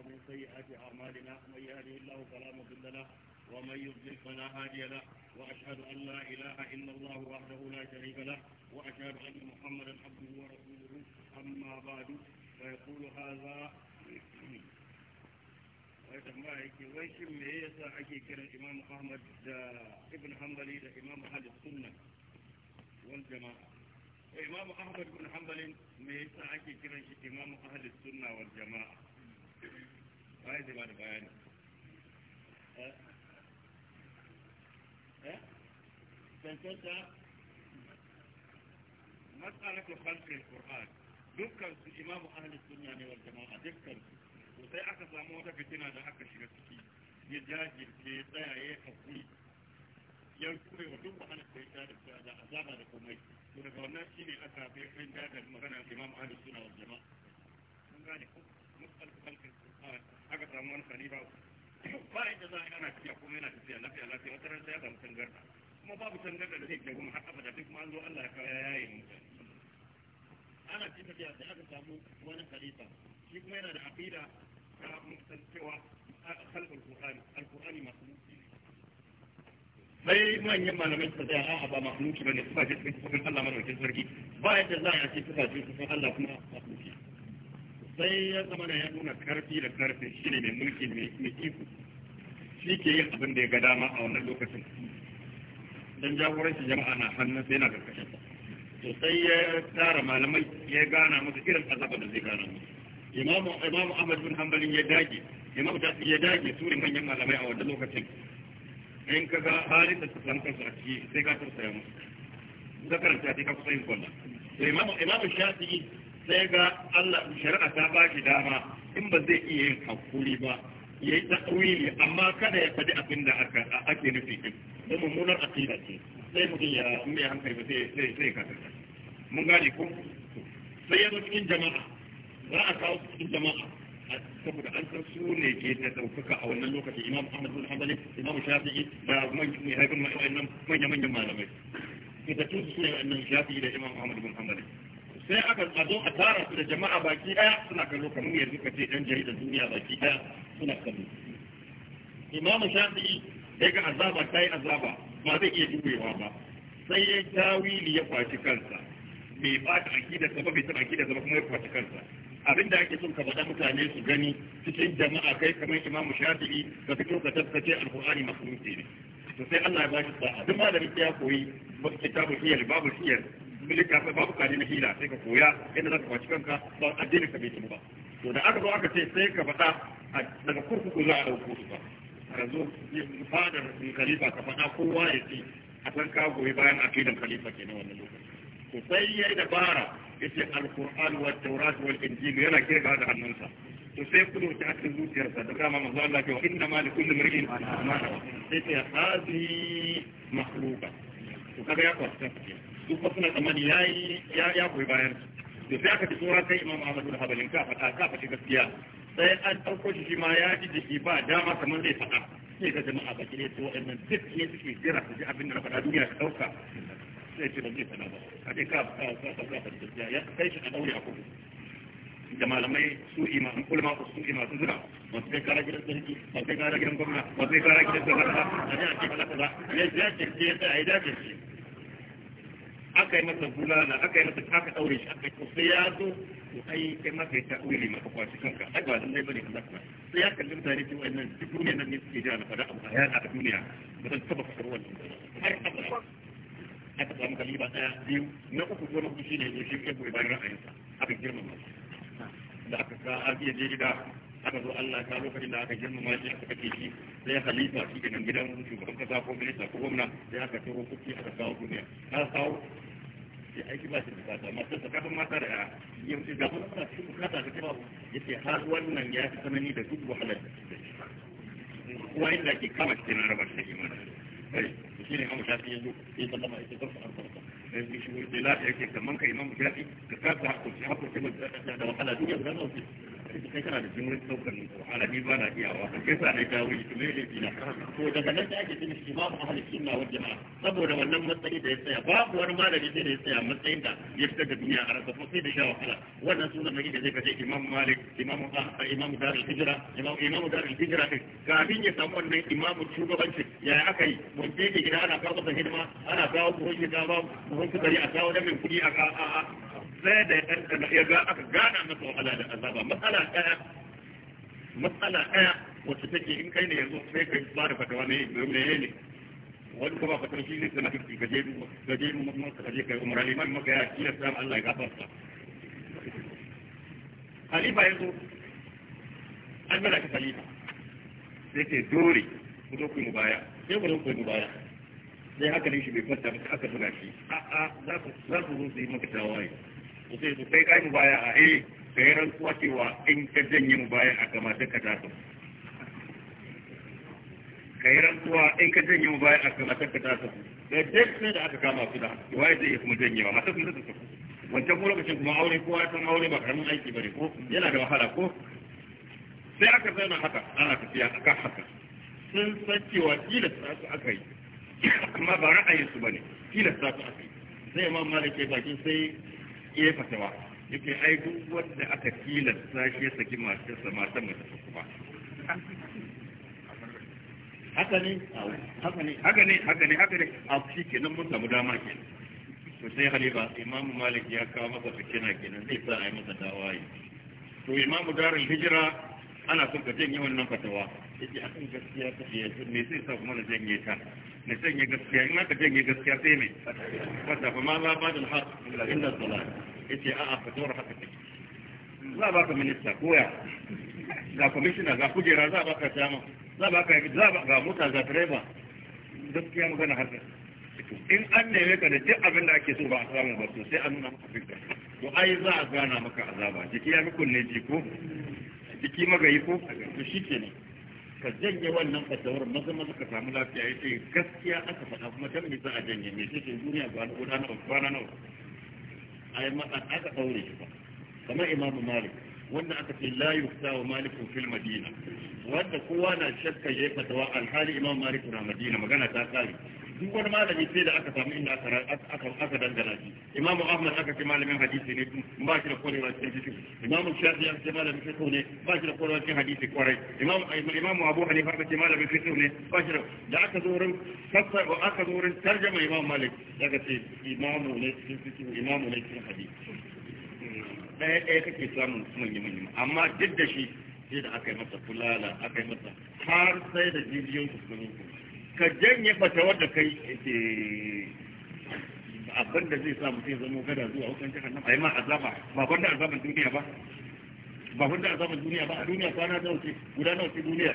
ومن سيئات أعمالنا من يهدي الله فلا مضل له ومن يضلل فلا هادي له وأشهد أن لا إله إلا الله وحده لا شريك له وأشهد أن محمدا عبده ورسوله أما بعد فيقول هذا ويتمعيكي ويشم ليس أكي كان الإمام أحمد دا ابن حنبلي دا إمام أهل السنة والجماعة إمام أحمد بن حنبل ميسا أكي كان إمام أهل السنة والجماعة waye zai da bayani eh, eh? dukkan su imamu ne wal jama'a dukkan su sai aka samu wata fitina da aka shiga ciki ya jajirce ya hakuri kure wa duk wahalar da ya da da azaba da komai to daga wannan aka kai magana imamu jama'a gane aka samu wani za a yi ana tafiya kuma yana tafiya lafiya lafiya wata ran sai ya samu tangarda kuma babu tangarda da zai har abada duk ma zo Allah ya kawo ana tafiya sai aka samu wani khalifa shi kuma yana da aqida ta mutan cewa khalqul qur'ani alqur'ani makhluqi manyan malamai su tsaya a'a ba makhluqi bane kuma ce cikin Allah sarki ba yadda za a cikin Allah kuma sai ya zama da ya nuna karfi da karfi shi ne mai mulki mai iko shi ke yin abin da ya ga dama a wannan lokacin don jagoranci jama'a na hannun sai yana karkashin to sai ya tara malamai ya gana musu irin azaba da zai gana imamu imamu Ahmad bin Hanbali ya dage imamu Tafi ya dage su ne manyan malamai a wannan lokacin in ka ga halin da su a ciki sai ka tausaya musu zakaranta ta ka kusa yin kwallon to imamu imamu Shafi'i sai ga Allah shari'a ta ba shi dama in ba zai iya yin hakuri ba ya yi ta'wili amma kada ya faɗi abin da ake nufi din da mummunar aqida ce sai mutum ya mai hankali ba sai sai ka mun gane ko sai ya zo cikin jama'a za a kawo cikin jama'a saboda an san su ne ke da ɗaukaka a wannan lokacin imam ahmad bin hanbali imam shafi'i da manyan haifin manyan manyan malamai fitattun su ne wannan shafi'i da imam ahmad bin hanbali sai aka zo a tara su da jama'a baki daya suna kallo kamar yanzu ka ce dan jaridar duniya baki daya suna kallo imamu shafi'i ya ga azaba ta yi azaba ba zai iya jurewa ba sai ya tawili ya kwaci kansa bai bata akidarsa ba bai taɓa akidarsa ba kuma ya kwaci kansa abin da ake son ka faɗa mutane su gani cikin jama'a kai kamar imamu shafi'i ka fito ka tabbace alkur'ani masu ne to sai Allah ya ba shi sa'a duk malamin ya koyi kitabu hiyar babu hiyar bilika ka babu kani na hila sai ka koya yadda za ka kwaci kanka ba addinin ka bai ba to da aka zo aka ce sai ka faɗa daga kurkuku za a ɗauko su ba ka zo fadar khalifa ka faɗa kowa ya ce a san ka goyi bayan akidan khalifa kenan wannan lokaci to sai ya yi dabara yace alkur'an wa tawrat wa injil yana kirga da hannunsa to sai kudu ta cikin zuciyarsa da kama manzo Allah ke wa inna ma li kulli mar'in ma sai ta hadi makhluqa to kaga ya kwatanta duk kuma suna tsammani ya yi ya koyi bayan to sai aka ci tsora kai imam ahmad bin hanbalin ka faɗa ka faɗi gaskiya sai an ɗauko shi shi ma ya ji jiki ba dama kamar zai faɗa sai ga jama'a baki ne to wa'annan duk ne suke jira su ji abin da na faɗa duniya ta ɗauka sai ce ba zai faɗa ba a ce ka k'a faɗi gaskiya ya kai shi a ɗaure a kudu da malamai su ima an ko su ima su zura masu kai kara gidan sarki masu kai kara gidan gwamna masu kai kara gidan gwamna a ne a ce kaza kaza ya ce ce ya a yi dace ce aka yi masa bulala aka yi masa aka daure shi aka ko sai ya zo to ai kai maka ya ta'wili maka kwashi kanka ai ba dan dai bane Allah ka sai ya kalli mutane cewa duk nan ne suke jira na fada ya a duniya ba zan taba wannan har aka samu daya biyu na uku ko na shine ne shi bayan aka da aka ka je gida aka zo Allah ka lokacin da aka girmama shi aka shi sai halifa shi gidan shugaban kasa ko minista ko gwamna sai aka turo kuki aka kawo duniya kawo sai aiki ba shi bukata masu ta kafin mata da yara yanzu ga kuma suna cikin bukata da kuma ya ce har wannan ya fi tsanani da duk wahalar da shi kuma inda ke kama shi rabar da imani kai shi ne imamu shafi yanzu ya sallama ya ce zarfa an farfa dan shi shi wurin da lafiya yake kaman ka imamu shafi ka kasa hakurci hakurci da wahala duk yanzu na wasu kai kana da jimurin saukar ne ana bi ba na iyawa kai sa na dawo yi kuma yake fina to daga nan da ake shi babu ahalin sunna wal jama'a saboda wannan matsayi da ya tsaya babu wani malami sai da ya tsaya matsayin da ya fitar da duniya a rasa sai da sha wahala wannan sunan mai da zai kace imam malik imam ah, imam darul hijra imam imam darul hijra kafin ya samu wannan imamu shugabancin ya aka yi wanda yake gida ana kawo masa hidima ana kawo buhun shi kawo buhun sukari a kawo damin kuɗi a sai da ya ɗanɗana ya ga aka gana masa wahala da azaba matsala matsala wacce take in kai ne yanzu sai ba da fatawa ne ne wani kuma shi ne kai umar maka ya kiyar Allah ya yanzu an ka sai ke dore ku zo ku mu baya sai ku zo ku mu baya sai haka ne shi bai ba aka shi a'a za ku za ku zo su yi maka tawaye yace to sai kai mu baya a eh sai kuwa cewa in ka janye mu baya a kamata ka tafi kai kuwa in ka janye mu baya a kamata ka tafi da duk ne da aka kama su da wai zai kuma janye janyewa mata sun da su wancan kuma lokacin kuma aure kowa ya san aure ba karamin aiki bane ko yana da wahala ko sai aka zauna haka ana tafiya akan haka sun san cewa tilasta su aka yi amma ba ra'ayin su bane tilasta su aka yi sai ma malik ya bakin sai kefa sama yake ai duk wanda aka tilasta shi ya saki sama ta mace ta kuma haka ne haka ne haka ne haka ne haka ne a shi kenan mun samu dama ke to sai halifa imam malik ya kawo masa fitina kenan zai sa a yi masa dawaye to imam darin hijira ana son ka janye wannan fatawa yake akan gaskiya ta kace me sai sa kuma na janye ta mai sanya gaskiya in aka janye gaskiya sai mai fata fa ma za ba da illa inda sala yace a'a fatawar haka take za ba ka minista koya ga commissioner ga kujera za ba ka tsama za ba ka za ba ga mota ga driver gaskiya magana har in an neme ka da duk abin da ake so ba a samu ba to sai an nuna maka fitta to ai za a gana maka azaba jiki ya fi kunne jiko jiki magayi ko to shi kenan ka janye wannan fatawar maza maza ka samu lafiya ya ce gaskiya aka faɗa kuma ta me za a janye me shi duniya ba na guda na kwana nawa yi matsa aka ɗaure shi ba kamar imamu malik wanda aka ce la yufta wa malikun fil madina wanda kowa na shakka yi fatawa alhali imam malik na madina magana ta tsari. duk wani malami sai da aka samu inda aka dangana shi imamu ahmad aka ce malamin hadisi ne ba shi da kwarewa cikin fikihu imamu shafi aka ce malamin fikihu ne ba shi da kwarewa cikin hadisi kwarai imamu abu hanifa aka ce malamin fikihu ne ba shi da da aka zo wurin fassar ko aka zo wurin tarjama imamu malik daga ce imamu ne cikin fikihu imamu ne cikin hadisi ɗaya ɗaya kake samun manyan manyan amma duk da shi sai da aka yi masa fulala aka yi masa har sai da jijiyoyin su sun yi ka janye bata wadda kai ke abin da zai sa mutum zama gada zuwa wutan jihar nan a yi ma azaba ba wanda azaban duniya ba ba wanda azaban duniya ba a duniya kwana na wuce guda na wuce duniya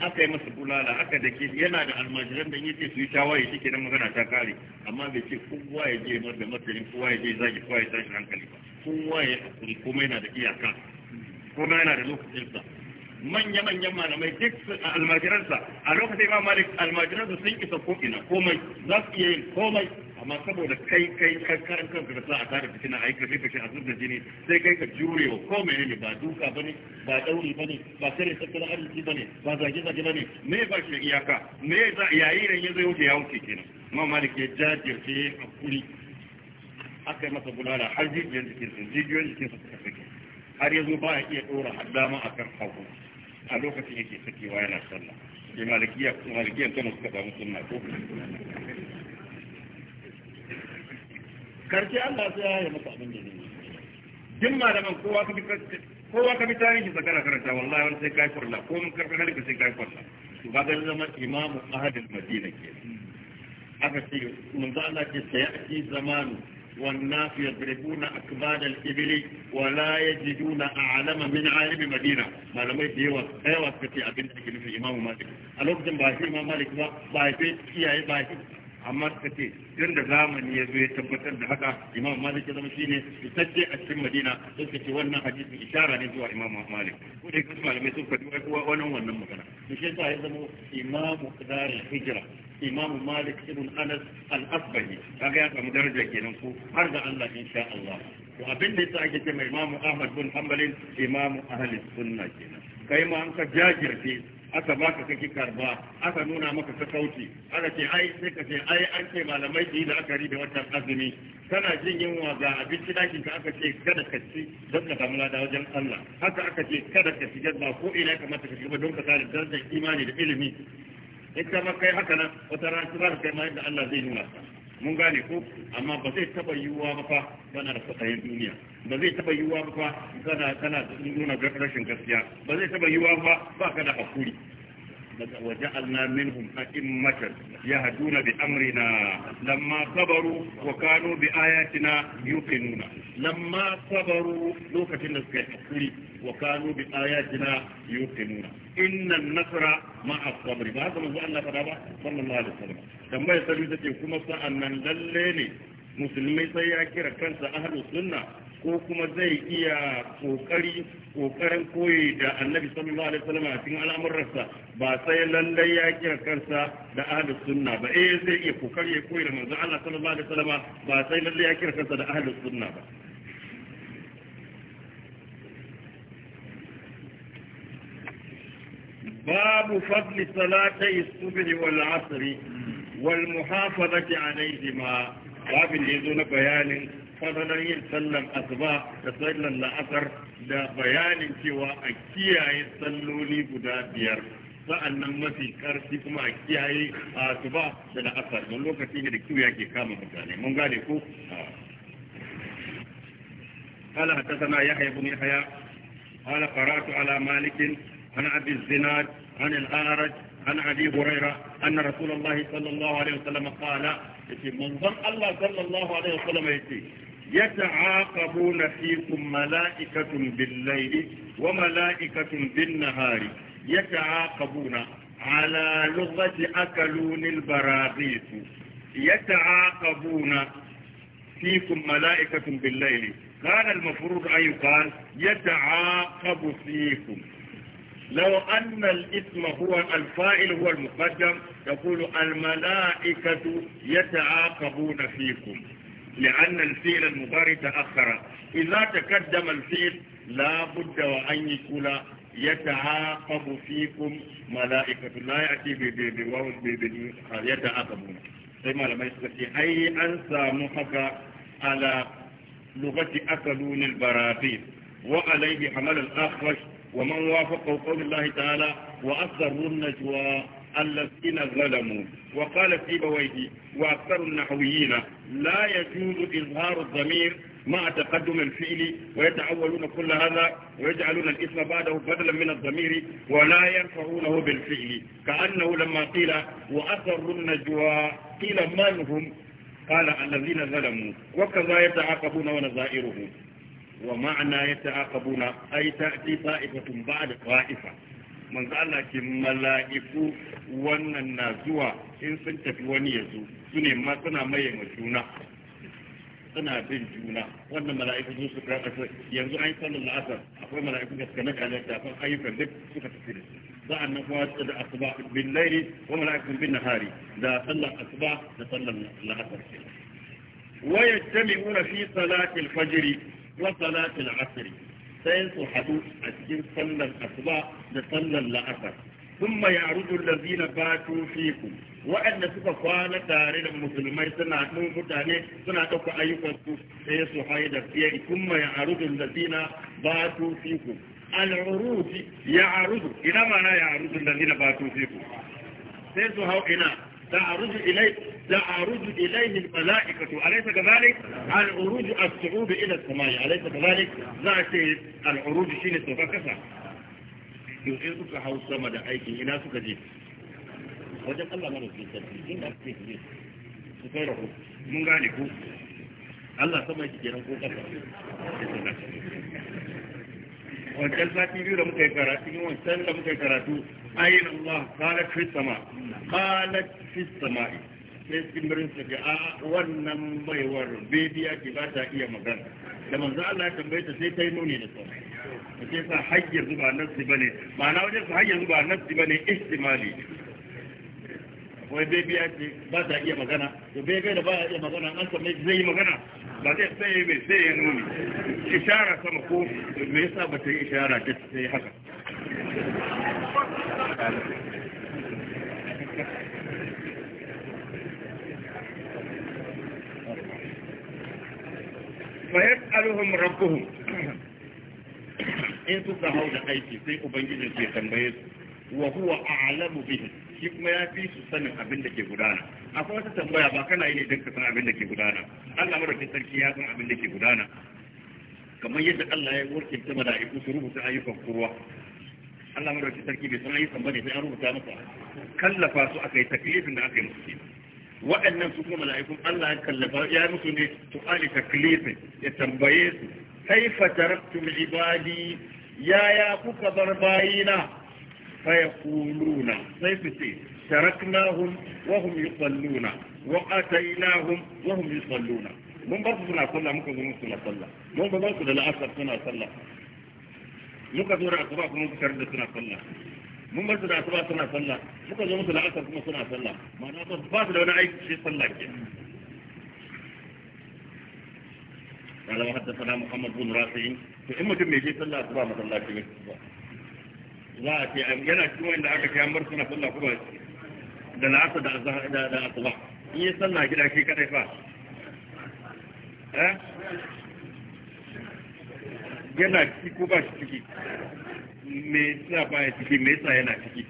aka yi masa bulala aka da ke yana da almajiran da yake su yi shawaye shi kenan magana ta kare amma bai ce kowa ya je mar da martani kowa ya je zagi kowa ya tashi hankali ba kowa ya hakuri kuma yana da iyaka kuma yana da lokacinsa manya-manyan malamai duk almajiransa a lokacin imam malik almajiransa sun isa ko ina komai za su iya yin komai amma saboda kai kai kai karan kanka da sa a tare da kina ai ka rika shi a zubda jini sai kai ka jure wa komai ne ba duka bane ba dauri bane ba sare tattalin arziki bane ba zage zage bane me ba shi iyaka me za yayi ran yazo wuce ya wuce kenan imam malik ya jajirce a kuri aka yi masa bulala har jijiyoyin jikinsa jijiyoyin jikinsa suka fito har yanzu ba ya iya ɗora haddama a kan hagu a lokacin yake sakewa yana sallah sai malikiya malikiyan kano suka samu sunna ko karshe Allah sai ya yi masa abin da zai duk malaman kowa ka bi kowa ka bi tarihi zakara karanta wallahi wani sai kai kurla ko mun karfa ka sai kai kurla to ba ga zama imamu ahadul madina ke aka ce mun za Allah ce sai yaki zamanu والناس يضربون أكباد الإبل ولا يجدون أعلم من عالم مدينة ما لم يديوا أيوة كتي أبن تكين في إمام مالك الوقت بايفي إمام مالك بايفي إياه بايفي amma suka ce tun da zamani ya zo tabbatar da haka imam malik ya zama shine fitacce a cikin madina sun ce wannan hadisi ishara ne zuwa imam malik ko dai kasu malamai sun faɗi wani magana yasa ya zama imamu qadar imamu malik ibn anas al-asbahi kaga ya samu daraja kenan ko har da Allah insha Allah to abin da yasa ake cewa imamu ahmad bin hanbalin imamu ahli sunna kenan kai ma an ka jajirce aka baka kake karba aka nuna maka ka sauti aka ce ai sai ka ce ai an ce malamai da yi da aka da watan azumi kana jin yunwa ga abinci dakin ka aka ce kada ka ci don ka samu lada wajen Allah haka aka ce kada ka shiga ba ko ina kamata ka shiga don ka da darajar imani da ilimi ita ma kai haka nan wata rana za ka kai ma yadda Allah zai nuna ka mun gane ko amma ba zai taba yiwuwa ba fa kana da fatayin duniya ba zai taba yiwuwa ba fa kana kana nuna rashin gaskiya ba zai taba yiwuwa ba ba ka da hakuri وجعلنا منهم أئمة يهدون بأمرنا لما صبروا وكانوا بآياتنا يوقنون لما صبروا لوكة النسكة وكانوا بآياتنا يوقنون إن النصر مع الصبر هذا ما الله فدابا صلى الله عليه وسلم كما يسألوا ذاتي كما سألنا لليني musulmai sai ya kira kansa ahlus sunna ko kuma zai iya kokari kokarin koyi da annabi sallallahu alaihi wasallam a cikin al'amuransa ba sai lallai ya kira kansa da ahlus sunna ba eh zai iya kokari ya koyi da manzon Allah sallallahu alaihi wasallam ba sai lallai ya kira kansa da ahlus sunna ba باب فضل صلاتي الصبح والعصر والمحافظة عليهما باب na بيان fadalar yin sallan asuba da sallan la'asar da bayanin cewa a kiyaye salloli guda biyar sa'annan mafi karfi kuma a kiyaye asuba da la'asar don lokaci ne da kiwo yake kama mutane mun gane ko قال حدثنا يحيى بن يحيى قال قرات على مالك عن ابي الزناد عن الاعرج عن ابي هريره ان رسول الله صلى الله عليه وسلم قال yace manzon Allah sallallahu alaihi wasallam yace يتعاقبون فيكم ملائكة بالليل وملائكة بالنهار يتعاقبون على لغة أكلون البراغيث يتعاقبون فيكم ملائكة بالليل كان المفروض أن يقال يتعاقب فيكم لو أن الاسم هو الفائل هو المقدم يقول الملائكة يتعاقبون فيكم لأن الفئل المضارع تأخر إذا تقدم الفئل لا بد وأن يكون يتعاقب فيكم ملائكة لا يأتي بوارد يتعاقبون طيب على ما يسكت أي أنسى محقا على لغة أكلون البراثيل وعليه حمل الأخرش ومن وافق قول الله تعالى وأثر النجوى الذين ظلموا وقال سيبويه وأكثر النحويين لا يجوز إظهار الضمير مع تقدم الفعل ويتعولون كل هذا ويجعلون الاسم بعده بدلا من الضمير ولا ينفعونه بالفعل كأنه لما قيل وأثر النجوى قيل من هم قال الذين ظلموا وكذا يتعاقبون ونظائرهم ومعنى يتعاقبون أي تأتي طائفة بعد طائفة manzo Allah ke mala'iku wannan na zuwa in sun tafi wani ya zo su ne ma suna maye ma juna suna bin juna wannan mala'iku sun su karɓa su yanzu an yi sallar la'asar akwai mala'iku da suka na kalar da kan ayyukan duk suka tafi da su Za a nan kuma da asuba bin laili wa mala'ikun bin nahari da sallar asuba da sallar la'asar Jami'u na fi salati al-fajr wa salati al sai su haɗu a cikin sallar asuba da sallar la'asar ثم يعرض الذين باتوا فيكم waɗanda suka kwana tare da musulmai suna ɗin mutane suna ɗauka ayyukansu sai su haida fiye kuma ya arudun da zina ba tu fiku ya arudu ina mana ya da zina sai su hau ina تعرج إليه تعرج إليه الملائكة أليس كذلك العروج الصعود إلى السماء أليس كذلك ذات العروج شين التفاكسة يؤذك حول السماء دعيك إلى سكجي وجد الله من في السبيل إن أكتب سفيره من غالبه الله سمعك جيران فوق الله wancan sati biyu da muka yi karatu yin wancan da muka yi karatu ayin Allah kalat fi sama kalat fi sama sai cikin birnin su ga wannan baiwar bibiya ke ba ta iya magana da manzo Allah ya tambaye ta sai ta yi nuni da sauran sai sa hayyar zuba nafsi bane ma'ana wajen sa hayyar zuba nafsi bane istimali wai bebiya ce ba ta iya magana to bebe da ba iya magana an tambaye zai yi magana بعدين سي بي سي نوني إشارة سمقوم ميسا بتي إشارة جت سي حقا فيسألهم ربهم إن تبقى هؤلاء أيتي سيء بنجد الشيخ وهو أعلم بهم shi kuma ya fi su sanin abin da ke gudana akwai wata tambaya ba kana yi ne don ka san abin da ke gudana Allah madaukakin sarki ya san abin da ke gudana kamar yadda Allah ya warke ta mala'iku su rubuta ayyukan kowa Allah madaukakin sarki bai san ayyukan bane sai an rubuta masa kallafa su aka taklifin da aka yi musu waɗannan su kuma mala'ikun Allah ya kallafa ya musu ne su'ali taklifin ya tambaye su kaifa taraktum ibadi ya ya kuka bar bayina فيقولون طيب سيفتي تركناهم وهم يصلون وآتيناهم وهم يصلون من برضه سنة صلى ممكن من سنة صلى من برضه سنة أكثر سنة صلى ممكن سنة أصبع من سنة سنة صلى من برضه سنة أصبع سنة صلى ممكن من سنة أكثر سنة سنة صلى ما نعطف بعض لو نعيد شيء صلى قال وحدثنا محمد بن راسين في أمة من يجي صلى أصبع ما صلى za a ce yana cikin wanda aka kai ambar suna sallah kuma da la'asa da da da asuba in yi sallah gida shi kadai fa eh yana ciki ko ba shi ciki me yasa ba ya ciki me yasa yana ciki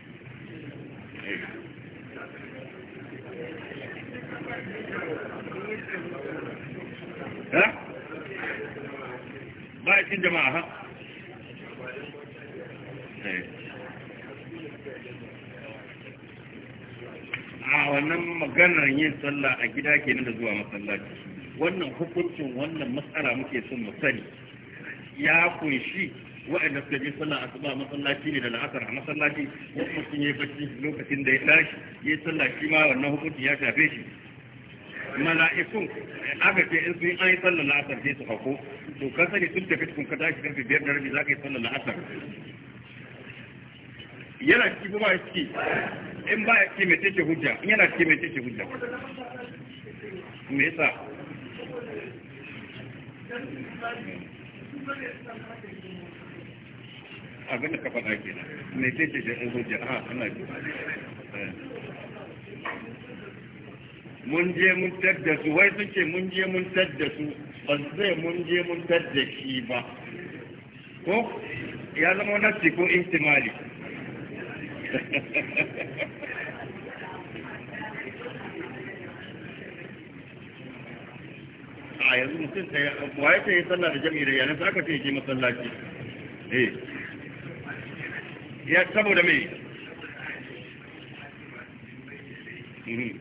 eh ba cikin jama'a ha Eh. a wannan maganar yin sallah a gida kenan da zuwa masallaci wannan hukuncin wannan matsala muke son mu sani ya kunshi su suka je sallah asuba masallaci ne da la'asar a masallaci wasu sun ya bacci lokacin da ya tashi ya sallah shi ma wannan hukunci ya shafe shi mala'ikun aka ce in sun an yi sallar la'asar sai su hako to kan sani sun tafi cikin ka tashi karfe biyar da rabi za ka yi sallah la'asar yana ciki kuma ya ciki in ba ya ciki mai ce hujja in yana ciki mai ce hujja me yasa abin da ka faɗa ke nan mai ce ce shi hujja a ana ji eh. mun je mun tadda su wai sun ce mun je mun tadda su ba zai mun je mun tadda shi ba ko ya zama wani ko intimali a yanzu mutum sai waye sai sallah da jami'i da yanin sa aka ce ke masallaci eh ya saboda mai? Mm-hmm.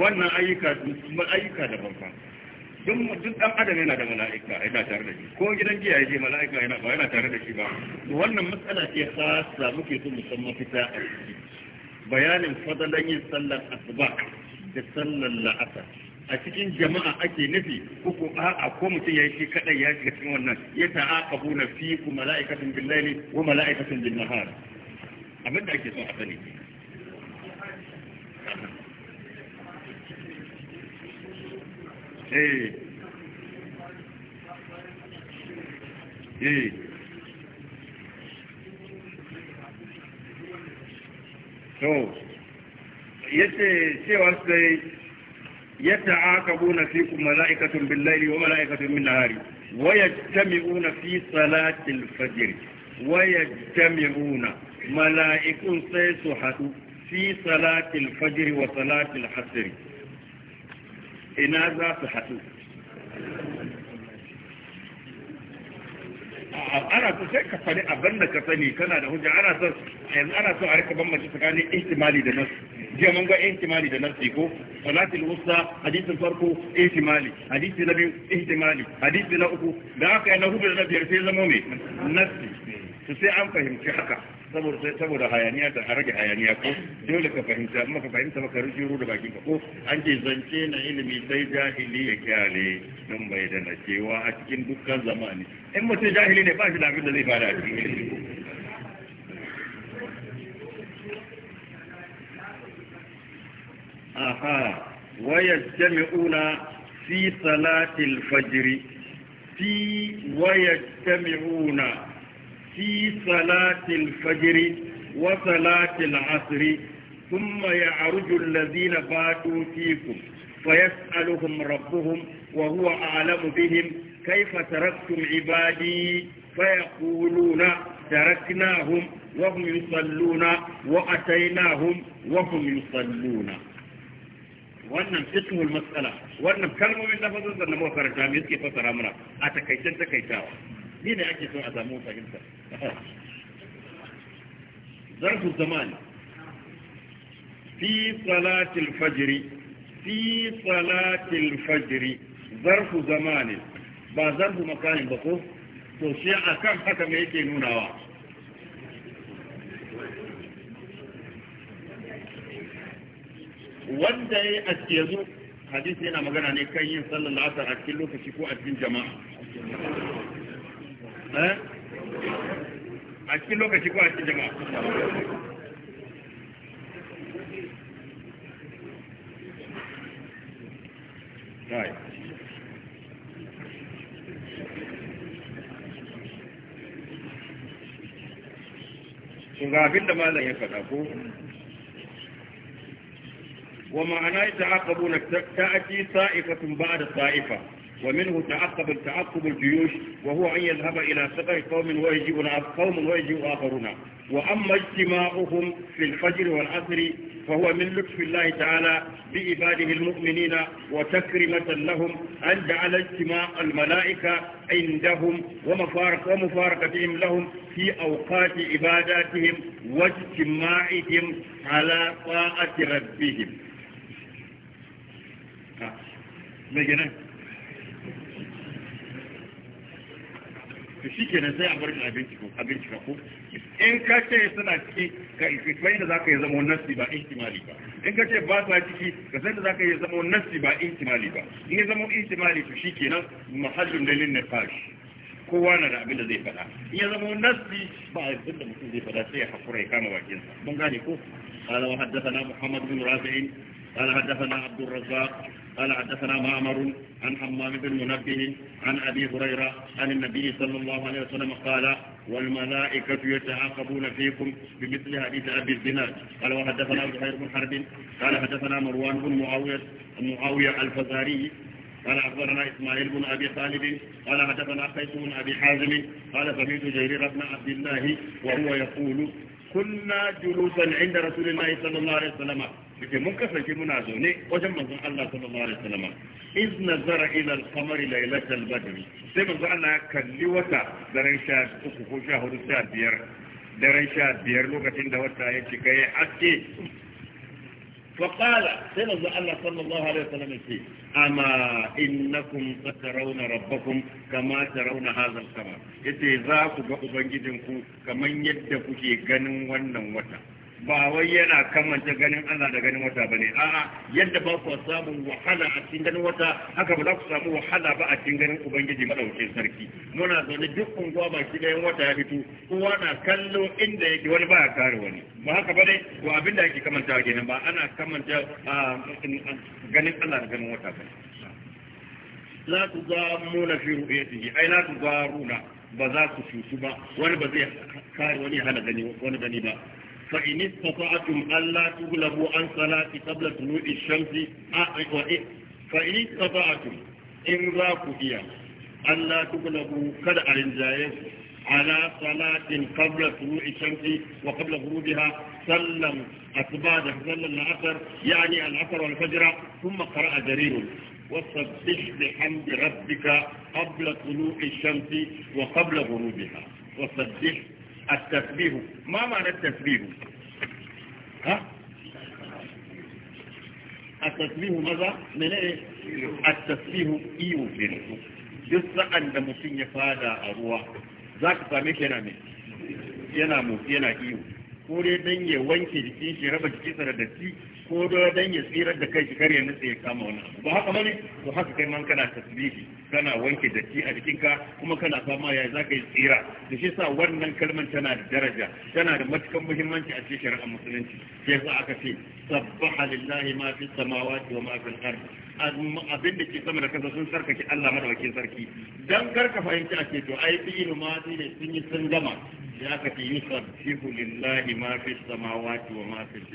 wannan ayyuka ayyuka daban fa duk duk dan adam yana da mala'ika yana tare da shi ko gidan giya yake mala'ika yana ba yana tare da shi ba wannan matsala ce khassa muke so musamman fita a ciki bayanin fadalan yin sallar asuba da sallar la'asar a cikin jama'a ake nufi ko a'a ko mutum ya yi shi kadai ya shiga cikin wannan ya ta'aqabu na fi ku mala'ikatun billahi wa mala'ikatun bin nahar abinda da ake so a sani eh eh to yace cewa sai ya ta'aqabuna fikum mala'ikatun bil-laili wa mala'ikatun bin-nahari waya jami'una fi salatin al waya jami'una mala'ikun sai su haɗu fi salatin al wa salatin hasiri. ina za su haɗu ana so sai ka fari abin da ka sani kana da hujja ana so yanzu ana so a rika mace tsakanin ihtimali da nasu jiya mun ga ihtimali da nasu ko salatul wusta hadisin farko ihtimali hadisi na biyu ihtimali hadisi na uku da aka yi na hudu da na biyar sai zama mai nasu sai an fahimci haka saboda sai saboda hayaniya da harage hayaniya ko dole ka fahimta amma ka fahimta ba maka ruwa da bakin ka ko an ce zance na ilimi sai jahili ya kyale don bai da na cewa a cikin dukkan zamani in mutum jahili ne ba shi da abin da zai fara a cikin ilimi aha ويجتمعون في fajiri fi waya jami'una. في صلاة الفجر وصلاة العصر ثم يعرج الذين باتوا فيكم فيسألهم ربهم وهو أعلم بهم كيف تركتم عبادي فيقولون تركناهم وهم يصلون وأتيناهم وهم يصلون wannan fiqhul mas'ala wannan kalmomin من da muka karanta me suke fassara mana a takaicen takaitawa shi ne ake son a samu fahimta zarfu zaman fi salatil fajiri, fi salatil fajri zarfu zamanin ba zarfu makanin ba ko to shi akan haka me yake nunawa wanda ya aske yanzu hadisi yana magana ne kan yin sallar la'asar a cikin lokaci ko a cikin jama'a Eh? a cikin lokaci ko a cikin jama'a right ga abin da malam ya faɗa ko wa ma'ana ta aqabu na ta'ati sa'ifatun ba'da sa'ifa ومنه تعقب التعقب الجيوش وهو أن يذهب إلى سقع قوم ويجيء قوم ويجيء آخرون وأما اجتماعهم في الفجر والعصر فهو من لطف الله تعالى بعباده المؤمنين وتكرمة لهم أن جعل اجتماع الملائكة عندهم ومفارق ومفارقتهم لهم في أوقات عباداتهم واجتماعهم على طاعة ربهم. آه، to shi kenan sai a bar shi a bincika ko in ka ce suna ciki ka kai da za ka yi zama wannan nasi ba ihtimali ba in ka ce ba sa ciki ka san da za ka yi zama wannan nasi ba ihtimali ba in ya zama ihtimali to shi ke nan mahallin dalilin na fashi kowa na da abin da zai faɗa in ya zama nasi ba abin da mutum zai faɗa sai ya hakura ya kama bakinsa mun gane ko قال وحدثنا محمد بن رافع قال حدثنا عبد الرزاق قال حدثنا معمر عن حمام بن منبه عن أبي هريرة عن النبي صلى الله عليه وسلم قال والملائكة يتعاقبون فيكم بمثل حديث أبي الزناد قال وحدثنا زهير بن حرب قال حدثنا مروان بن معاوية معاوية الفزاري قال أخبرنا إسماعيل بن أبي خالد قال حدثنا قيس بن أبي حازم قال سمعت جرير بن عبد الله وهو يقول كنا جلوسا عند رسول الله صلى الله عليه وسلم dake mun kasance muna zaune wajen manzon Allah sallallahu alaihi wasallam iz nazara ila al-qamar laylatal badr sai manzon Allah ya kalli wata daren sha uku ko sha hudu sha biyar daren sha biyar lokacin da wata ya cika ya haske فقال سيدنا الله صلى الله عليه وسلم يقول أما إنكم سترون ربكم كما ترون هذا القمر يتي ذاك بأبنجدنكم كمن يدفك غنم ونم وتم ba wai yana kamanta ganin Allah da ganin wata bane a'a yadda ba ku samu wahala a cikin ganin wata haka ba za ku samu wahala ba a cikin ganin ubangiji madaukakin sarki muna zaune duk unguwa ba shi ɗayan wata ya fito kowa na kallo inda yake wani baya kare wani ba haka ba dai ko abin da ake kamantawa kenan ba ana kamanta ganin Allah da ganin wata bane la na fi ru'yatihi ai la tuzaruna ba za ku cutu ba wani ba zai kare wani hana gani wani gani ba فإن استطعتم ألا تغلبوا عن صلاة قبل طلوع الشمس فإن استطعتم إن راكوا إياه ألا تغلبوا كدع الجايز على صلاة قبل طلوع الشمس وقبل غروبها سلم أسباد سلم العصر يعني العصر والفجر ثم قرأ جرير وسبح بحمد ربك قبل طلوع الشمس وقبل غروبها وسبح التسبيح ما معنى التسبيح ها التسبيح ماذا من ايه التسبيح ايو duk sa'an da mutum ya fada a ruwa za ka same shi yana motsi yana iyo ko dai dan ya wanke jiki shi raba jikin da datti ko dai dan ya tsirar da kai shi ya nutse ya kama wani ba haka bane to haka kai man kana tasbihi kana wanke datti a jikinka kuma kana fama ya za ka yi tsira da shi sa wannan kalmar tana da daraja tana da matukar muhimmanci a cikin shari'ar musulunci sai sa aka ce sabbaha lillahi ma fi samawati wa ma fil abin da ke sama da kasa sun sarkake Allah madawakin sarki dan karka fahimci a ce to ai fi'il ma ne sun yi sun gama ya ka fi yusabbihu lillahi ma fi samawati wa ma fil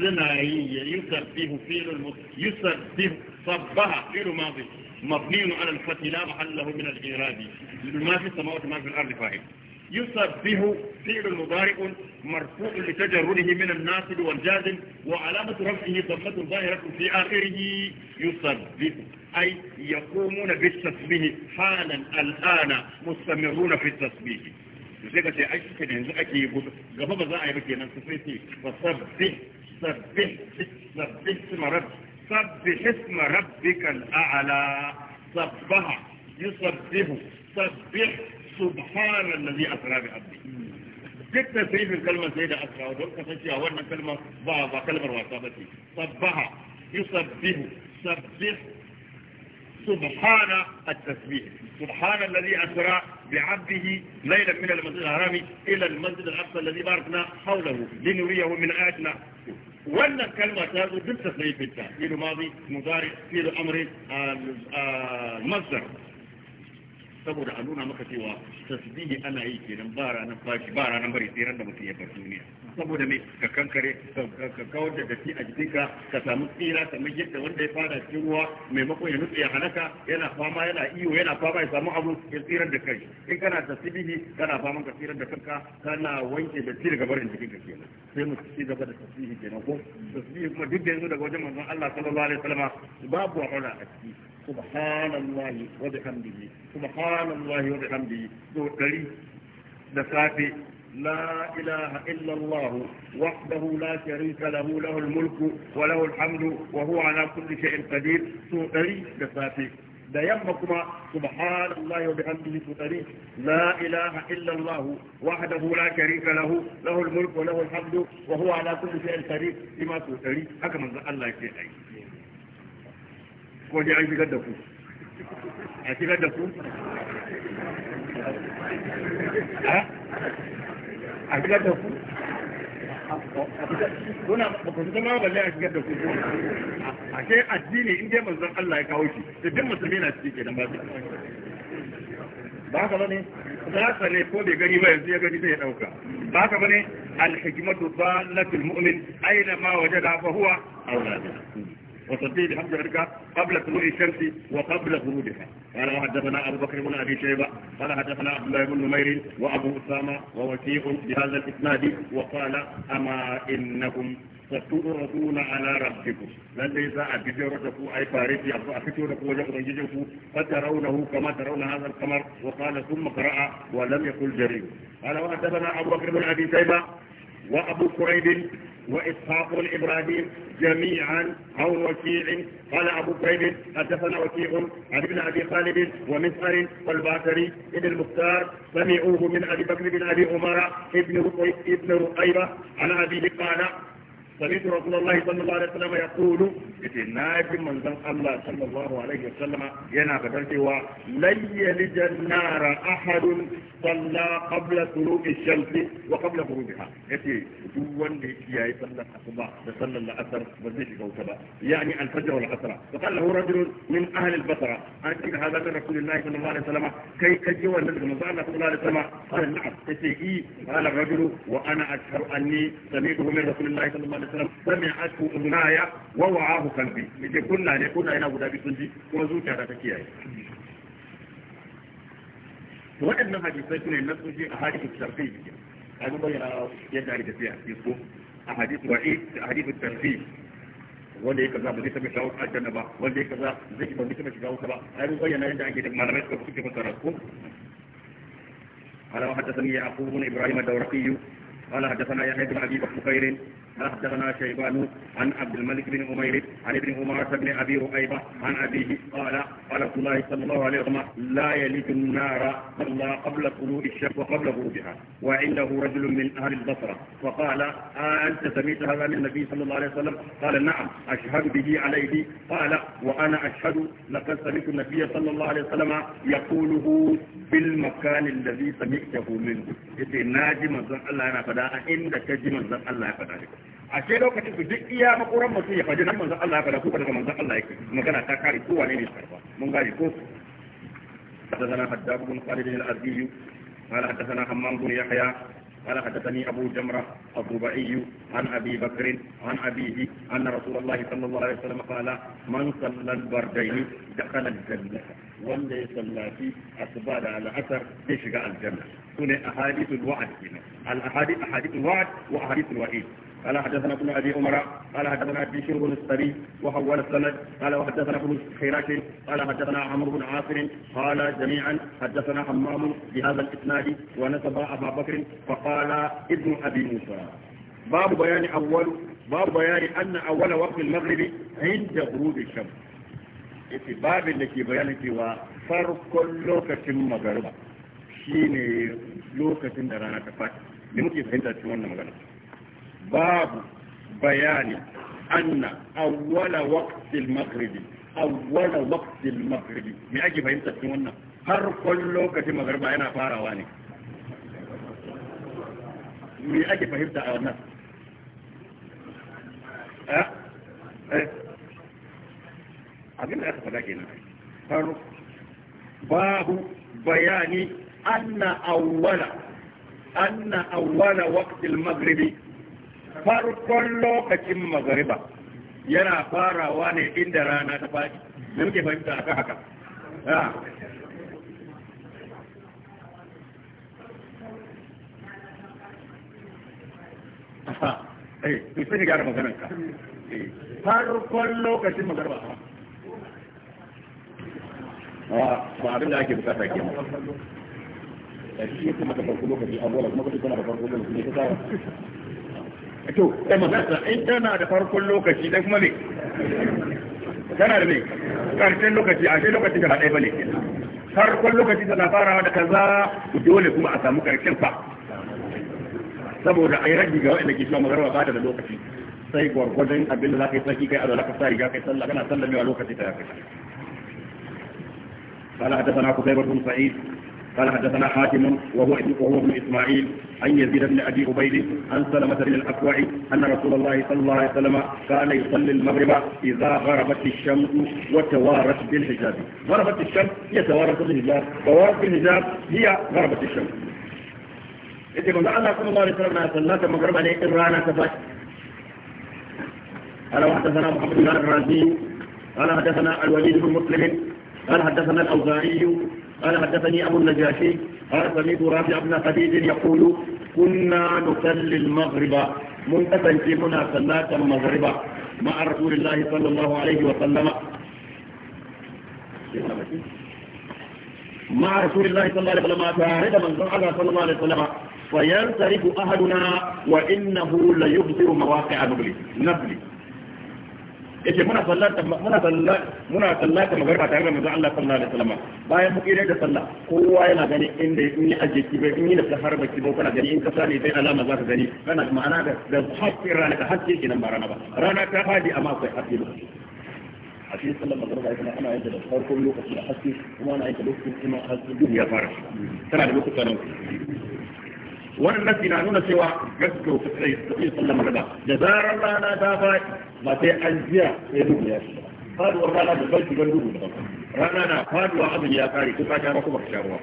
suna yi yusabbihu fi'il yusabbihu sabbaha fi'il ma fi مبني على الفتح لا محل له من الإيراد ما في السماوات ما في الأرض فاعل يسبه فعل مضارع مرفوع لتجرده من الناصب والجازم وعلامة رفعه ضمة ظاهرة في آخره يسبه أي يقومون بالتسبيح حالا الآن مستمرون في التسبيح sai ka ce ai سبح اسم ربك الأعلى سبح يسبح سبح سبحان الذي أسرى بعبده duk سيف الكلمة سيدة أسرى sai da asra don kasancewa wannan kalmar ba ba kalmar wasa سبحان التسبيح سبحان الذي أسرى بعبده ليلا من المسجد الحرام إلى المسجد الأقصى الذي باركنا حوله لنريه من آياتنا wannan kalma ta zo duk ta sai fitta fi'il madi mudari fi'il amri al masdar saboda a nuna maka cewa tasbihi ana yi kenan ba ranar fashi ba ranar bari sai ran da mutum ya bar duniya saboda me ka kankare ka kawar da datti a jikinka ka samu tsira kamar yadda wanda ya fara cikin ruwa maimakon ya nutse ya halaka yana fama yana iyo yana fama ya samu abu ya tsirar da kai in kana tasbihi kana fama ka tsirar da kanka kana wanke datti daga barin jikinka kenan sai mu ci gaba da tasbihi kenan ko tasbihi kuma duk da yanzu daga wajen manzon Allah sallallahu alaihi wasallam babu wahala a ciki سبحان الله وبحمده سبحان الله وبحمده دو دسافي لا إله إلا الله وحده لا شريك له له الملك وله الحمد وهو على كل شيء قدير سؤري دفاتي da yamma kuma subhanallahi wa bihamdihi tudari la ilaha illa allah wahdahu la sharika lahu lahu al-mulku wa lahu hamdu wa huwa ala kulli shay'in qadir ima tudari haka manzo Allah yake aiki ko dai an shigar da ku a shigar da ku a shigar da ku kuna ba zama balle a shigar da ku a ke addini in dai manzon Allah ya kawo shi da duk musulmi na ciki kenan ba ba haka bane za ka ne ko bai gani ba yanzu ya gani ya dauka ba haka bane al-hikmatu dalatul mu'min aina ma wajada fa huwa awla bihi وصديق بحمد ذلك قبل طلوع الشمس وقبل خروجها قال وحدثنا ابو بكر بن ابي شيبه قال حدثنا عبد الله بن نمير وابو اسامه ووثيق بهذا الاسناد وقال اما انكم ستؤرضون على ربكم لن ليس بجرتكم أي فارسي أفتونكم وجه أبنجيكم فترونه كما ترون هذا القمر وقال ثم قرأ ولم يقل جرير قال وحدثنا أبو بكر بن أبي شيبة وأبو كريب وإسحاق بن إبراهيم جميعا عن وكيع قال أبو كريب حدثنا وكيع عن ابن أبي خالد ومسعر والباكري ابن المختار سمعوه من أبي بكر بن أبي عمر ابن رقيبة عن أبيه قال سمعت رسول الله صلى الله عليه وسلم يقول ناجي من ذن الله صلى الله عليه وسلم ينا فتنسوا لن يلج النار أحد صلى قبل طلوع الشمس وقبل غروبها يتي دوان دي كياي صلى الصباح صلى العصر وزيد كوكبا يعني الفجر والعصر وقال له رجل من أهل البصرة أنت هذا من رسول الله صلى الله عليه وسلم كي كجوا النبي من الله صلى الله عليه وسلم قال نعم يتي قال الرجل وأنا أشهر أني سمعته من رسول الله صلى الله عليه وسلم alaihi wasallam sami'atu udunaya wa wa'ahu qalbi yake kunna ne kunna yana guda biyu sun ji kuma zuciya ta kiyaye waɗannan hadisai sune nasoji a hadisin tarfi a ga bayyana yadda ake tafiya a cikin a hadisin wa'id a hadisin tarfi wanda ya kaza ba zai taɓa shawo aljanna ba wanda ya kaza zai ba zai taɓa shiga wuta ba ai mun bayyana yadda ake da malamai suka suke fasara ko قال وحدثني يعقوب بن ابراهيم الدورقي قال حدثنا يحيى بن ابي بكر أخبرنا شيبان عن عبد الملك بن أمير عن ابن عمر بن أبي رؤيبة عن أبيه قال قال رسول الله صلى الله عليه وسلم لا يلد النار إلا قبل طلوع الشمس وقبل غروبها وعنده رجل من أهل البصرة فقال آه أنت سمعت هذا من النبي صلى الله عليه وسلم قال نعم أشهد به عليه قال وأنا أشهد لقد سمعت النبي صلى الله عليه وسلم يقوله بالمكان الذي سمعته منه يقول ناجي من الله أنا فدا إن جي من الله فدا a ce lokacin su duk iya makuran mutum ya faɗi nan manzon Allah ya faɗa ko daga manzon Allah yake magana ta kare ko wane ne sarfa mun gane ko حدثنا حداد بن خالد الأزدي قال حدثنا حمام بن يحيى قال حدثني أبو جمرة الربعي عن أبي بكر عن أبيه أن رسول الله صلى الله عليه وسلم قال من صلى البردين دخل الجنة wanda ya sallaci asuba da al'asar ya shiga aljanna sune ahadithul wa'd kenan al ahadith ahadithul wa'd قال حدثنا ابن ابي عمر قال حدثنا ابي شرب السري وحول السند قال وحدثنا ابن خيرات قال حدثنا عمرو بن عاصر قال جميعا حدثنا حمام بهذا الاسناد ونسب ابا بكر فقال ابن ابي موسى باب بيان اول باب بيان ان اول وقت المغرب عند غروب الشمس في باب اللي في بيان cewa farkon lokacin شيني shine lokacin da rana ta fata me باب بيان أن أول وقت المغرب أول وقت المغرب ما أجي فهمت تكون هر كل لوكة المغرب أنا فارواني ما أجي فهمت أنا أه أه أبين أخذ فلاكينا هر باب بيان أن أول أن أول وقت المغرب farkon lokacin magariba yana farawa ne inda rana ta faɗi da muke fahimta a haka Eh, ka. Eh, farkon lokacin magariba. ba abin da ake bukata ke shi to sai eh, magana in tana da farkon lokaci da kuma me tana da me karshen lokaci a shi lokaci da ba bane farkon lokaci tana farawa da kaza dole kuma a samu karshen fa saboda ai rage ga wanda ke cewa magarba ba da lokaci sai gwargwadon abin da za ka yi tsaki kai a da ka sa riga kai sallah kana sallamewa lokaci ta ya kai قال حدثنا قتيبة بن سعيد قال حدثنا حاتم وهو وهو ابن اسماعيل عن يزيد بن ابي عبيد عن سلمة بن الاكوع ان رسول الله صلى الله عليه وسلم كان يصلي المغرب اذا غربت الشمس وتوارت بالحجاب غربت الشمس هي توارت بالحجاب توارت بالحجاب هي غربت الشمس إذا كنت الله صلى الله عليه وسلم صلاة المغرب عليه إرانا تفاش قال وحدثنا محمد بن الرازي قال حدثنا الوليد بن مسلم قال حدثنا الأوزاعي قال حدثني أبو النجاشي قال سميت رافع بن حديد يقول كنا نصلي المغرب منتفا في هنا صلاة المغرب مع رسول الله صلى الله عليه وسلم مع رسول الله صلى الله عليه وسلم فارد من صلى الله عليه وسلم فينصرف أهلنا وإنه ليبصر مواقع نبلي نبلي yace muna sallata muna sallata muna ta magarba tare da manzon Allah sallallahu alaihi wasallam bayan mu kire da sallah kowa yana gani inda in yi aje ki bai in yi da har baki bai kana gani in ka sani sai alama za ka gani kana ma'ana da da hakkin rana da hakkin kenan ba rana ba rana ta fadi amma akwai hakkin a cikin sallar magana ita ana yanke da farkon lokaci da haske kuma ana yanke lokacin kuma haske duk ya fara tana da lokuta nan wannan nafi na nuna cewa gaskiya su kai su kai sallama da da zarar rana ta faɗi ba sai an jiya sai duhu ya shi faduwar rana da bai shigar duhu da rana na faduwa abin ya kare ko ka gyara kuma ka sha ruwa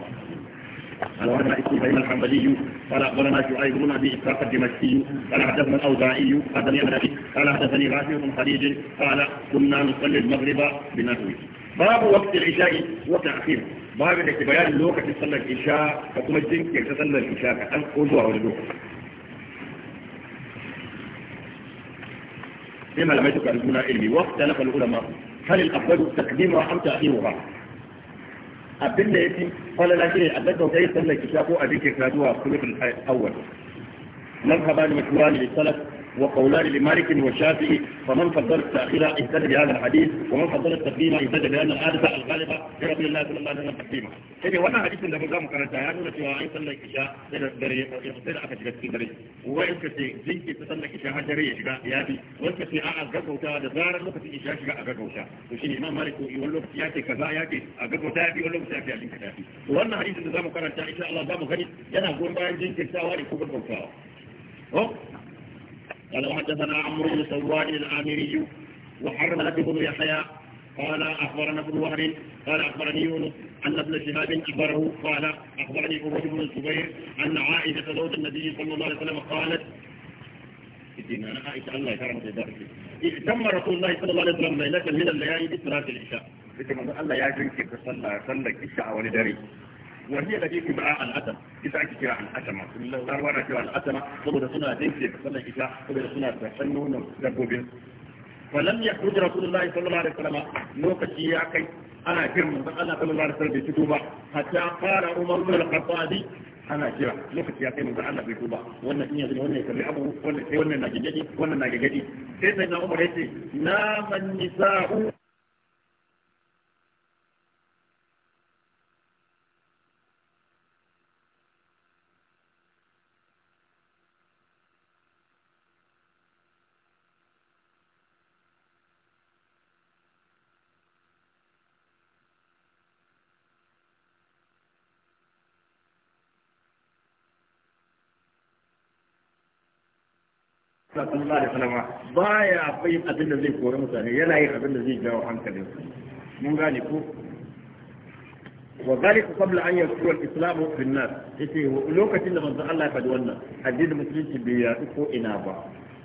قال وانا اسماعيل الحنبلي قال اخبرنا شعيب بن ابي اسحاق الدمشقي قال حدثنا الاوزاعي حدثني ابي قال حدثني رافع بن خليج قال كنا نصلي المغرب بنحوه باب وقت العشاء وتاخيره babin da ke bayanin lokacin sallar isha da kuma jinkirta sallar isha ka ɗan ko zuwa wani lokaci sai malamai suka rubuta ilmi waqta lafa ulama hal al-afdalu taqdimuha am ta'khiruha abin da yafi falala shine a daga kai sallar isha ko a jinkirta zuwa sulutul awwal nan habani mashwani li salaf وقولان لمالك والشافعي فمن فضل التأخير اهتدى بهذا الحديث ومن فضل التقديم اهتدى بأن الحادثة الغالبة في رسول الله صلى الله عليه وسلم تقديمه. إيه وانا حديث من دفعة مكانة يعني ولا شيء الكشاء الى العشاء يصير أخذ جلس في دري وإن كسي زين تصلى العشاء هجرية شجاع يابي وإن كسي أعز قبل وتا دزار لو كسي العشاء شجاع قبل وتا وشين الإمام مالك يقول له ياتي كذا ياتي قبل وتا يقول له سافي عشان كذا وانا حديث من دفعة تعالى إن شاء الله دام غني أنا أقول بقى زين كسي واري كبر وتا. قال وحدثنا عمرو بن سواد العامري وحرملة بن يحيى قال أخبرنا ابن وهر قال أخبرني يونس أن ابن شهاب أخبره قال أخبرني عروة بن الزبير أن عائشة زوج النبي صلى الله عليه وسلم قالت إن عائشة ذلك اهتم رسول الله صلى الله عليه وسلم ليلة من الليالي بصلاة العشاء. الله يا جنكي صلى صلى العشاء ولدري وهي التي تباع الأتم إذا كتير عن الأتم أروانا كتير عن الأتم فبدا سنة دينسي فصلا إذا فبدا سنة تسنون ربوبين فلم يخرج رسول الله صلى الله عليه وسلم لوكتي يا كي أنا كرم أنا صلى الله عليه وسلم بتتوبة حتى قال عمر بن الخطاب ana kira lokaci ya kai manzo Allah bai tuba wannan in yanzu wannan ya kalli abu wannan sai wannan na gigadi wannan na gigadi sai sai na Umar yace na man nisa'u sallallahu alaihi wasallam baya yin abin da zai kore mutane yana yin abin da zai jawo hankalin mun gane ko wa zalika qabla an yasura al-islam fi an-nas yace lokacin da manzon Allah ya faɗi wannan addinin musulunci bai yaɗu ko ina ba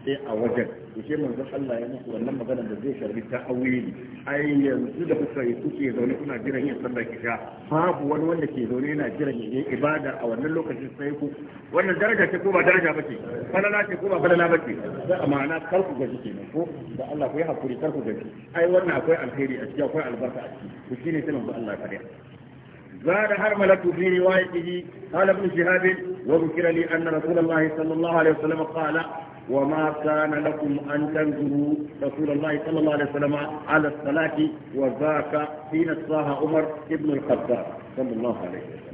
sai a wajen to sai manzon Allah ya muku wannan magana da zai sharbi ta awili ai yanzu da kuka yi kuke zaune kuna jiran yin sallar isha babu wani wanda ke zaune yana jiran yin ibada a wannan lokacin sai ku wannan daraja ce ko ba daraja bace falala ce ko ba falala bace da amana kar ku gaji kenan ko da Allah ku yi hakuri kar ku gaji ai wannan akwai alheri a cikin akwai albarka a ciki to shine sai manzon Allah ya fara زاد هرملة في روايته قال ابن شهاب وذكر لي أن رسول الله صلى الله عليه وسلم قال وما كان لكم أن تنزلوا رسول الله صلى الله عليه وسلم على الصلاة وذاك حين الصاها عمر بن الخطاب صلى الله عليه وسلم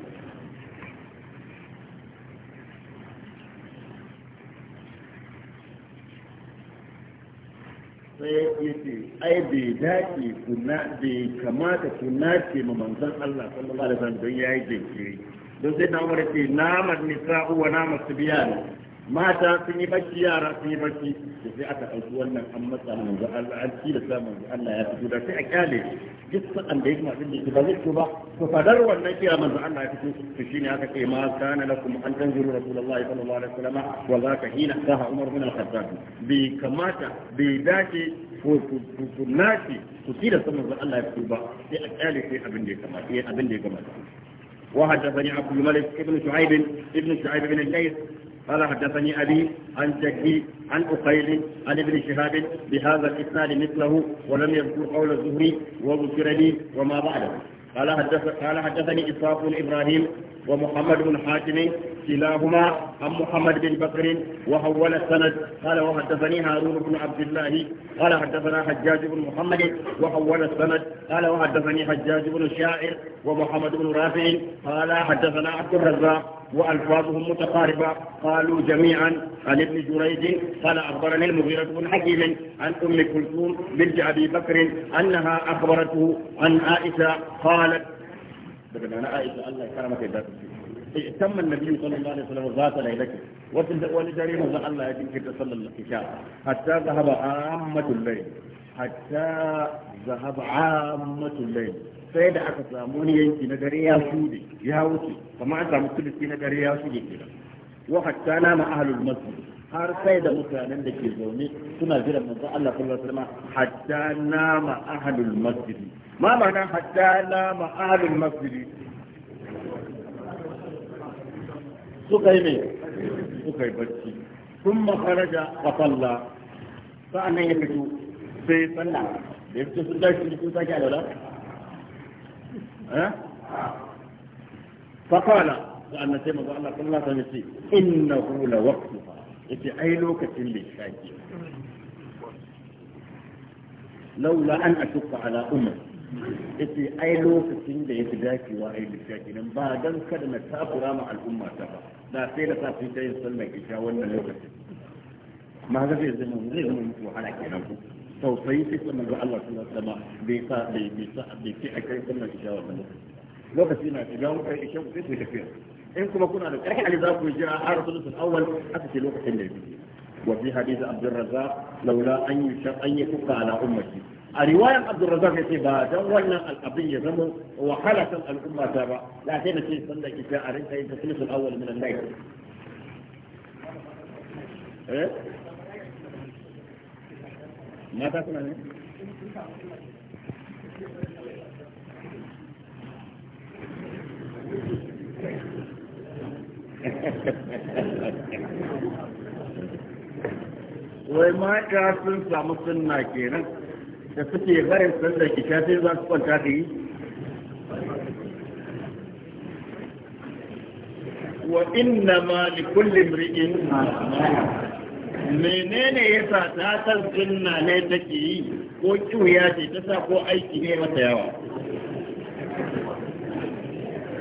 sai ya ce ai bai dace kuna bai kamata kuna ce ma manzon Allah sallallahu alaihi wasallam don yayi jinkiri don sai na umar ce namar nisa'u wa namar subiyana mata sun yi bacci yara sun yi bacci da sai aka ɗauki wannan an matsa manzo Allah an ci da sa manzo Allah ya fito da sai a kyale duk sa'an da yake masu da ba zai fito ba to fadar wannan kira manzo Allah ya fito to shine aka ce ma kana lakum an tanziru rasulullahi sallallahu alaihi wasallam wa zaka hina saha umar bin al-khattab bi kamata bi dace ko ku nace ku ci da sa manzo Allah ya fito ba sai a kyale sai abin da ya kamata eh, abin da ya kamata وحدثني عبد الملك ابن شعيب ابن شعيب بن الليث قال حدثني أبي عن جدي عن أخيل عن ابن شهاب بهذا الإسناد مثله ولم يذكر قول الزهري وذكر لي وما بعده قال قال حدثني إسحاق بن إبراهيم ومحمد بن حاتم كلاهما عن محمد بن بكر وحول السند قال وحدثني هارون بن عبد الله قال حدثنا حجاج بن محمد وحول السند قال وحدثني حجاج بن الشاعر ومحمد بن رافع قال حدثنا عبد الرزاق وألفاظهم متقاربة قالوا جميعا عن ابن جريج قال أخبرني المغيرة بن حكيم عن أم كلثوم بنت أبي بكر أنها أخبرته عن عائشة قالت daga عائشه Aisha Allah اهتم النبي صلى الله عليه وسلم ذات ليلته ولجريم ذا الله يجيك تصلى العشاء حتى ذهب عامة الليل حتى ذهب عامة الليل سيد أكسامون ينتي نجري يا سودي يا وسي فما أنت مكتبت في نجري يا سودي كده وحتى نام أهل المسجد har sai da mutanen da ke zaune suna jira manzo Allah sallallahu alaihi wasallam hatta nama ahlul masjid ma ma'ana hatta nama ahlul masjid suka yi mai suka yi bacci sun makaraja a falla sa'annan ya fito sai sallah da ya fito sun tashi sun sake alwala fakala sa'annan sai maza Allah sallah ta mace inna hula waktu ya ce ai lokacin da shaƙi laula an a shukka ala umar yace ai lokacin da yake fi dacewa ai lissafi nan ba dan kada na takura ma al'umma ta ba da sai da safi ta yin sallar isha wannan lokacin ma ga zai zama zai zama mutu wahala kenan ko tausayi sai kuma ga Allah sallallahu alaihi wasallam bai sa bai bai sa bai ce akai sallar isha wannan lokaci na shiga wutar isha ku sai tafiya in kuma kuna da karfi ali za ku jira har sulusul awwal aka ce lokacin da ya fi وفي حديث عبد الرزاق لولا أن يشق أن الرواية عبد الرزاق في سيبا جولنا الأبن يزمو وحالة الأمة جابا لا تينا في سنة إساء رنسا يتسلس الأول من الليل إيه؟ ما تسمع هنا؟ وما كاتب سامسن ناكينا da suke sun da isha sai za su kwanta ka yi wa inna ma li kulli mri'in menene yasa ta san sunna ne take yi ko kiwiya ce ta sa ko aiki ne mata yawa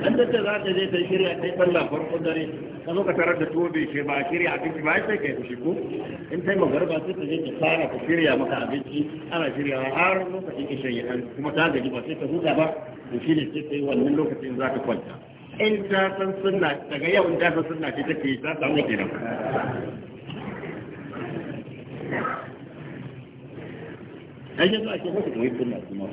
an ta za ta je ta shirya ta yi sallah farko dare ka zo ka tarar da tuwo bai ce ba a shirya abinci ba sai kai fushi ko in sai magarba sai ta je ta fara ta shirya maka abinci ana shiryawa har lokacin ishan ya kuma ta gaji ba sai ta huta ba to shi ne sai ta yi wannan lokacin za ta kwanta in ta san sunna daga yau in ta san sunna ce take ta samu kenan ai yanzu ake mutu koyi sunna kuma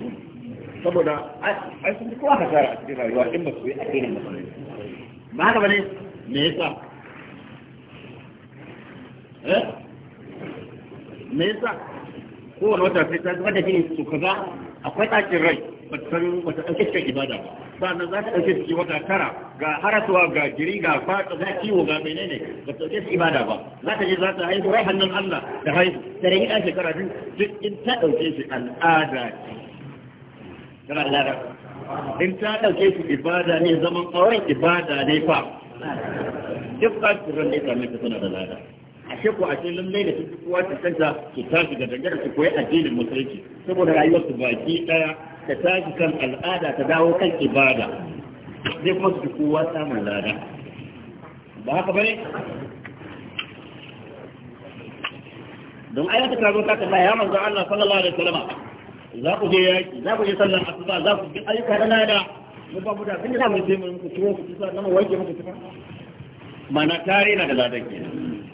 saboda ai sun kowa hasara a cikin rayuwa in ba su yi addinin musulunci ba haka ba ne me yasa eh me yasa kowane wata sai ta zuba da shi su kaza akwai ɗakin rai batan wata ɗauke cikin ibada ba na za ta ɗauke ciki wata tara ga harasuwa ga jiri ga fata za ciwo ga menene ba ta ɗauke ibada ba za ta je za ta haihu rai hannun Allah da haihu ta yi ɗan shekara biyu duk in ta ɗauke shi al'ada ce kana da in ta ɗauke shi ibada ne zaman auren ibada ne fa duk asirin da ya same ka suna da lada ashe ko ashe lallai da duk kowa ta kanta su tashi ga dangar su koyi addinin musulunci saboda rayuwar su baki daya ta tashi kan al'ada ta dawo kan ibada zai kuma su kowa samun lada ba haka bane don ai ta kazo ta ta ya manzo Allah sallallahu alaihi wasallam za ku je yaki za ku je sallar asuba za ku je ayyuka na lada mu ba mu da kin da mu je mu ku tuwo ku tuwa na mu wanke muku tuwa mana tare na da ladan ke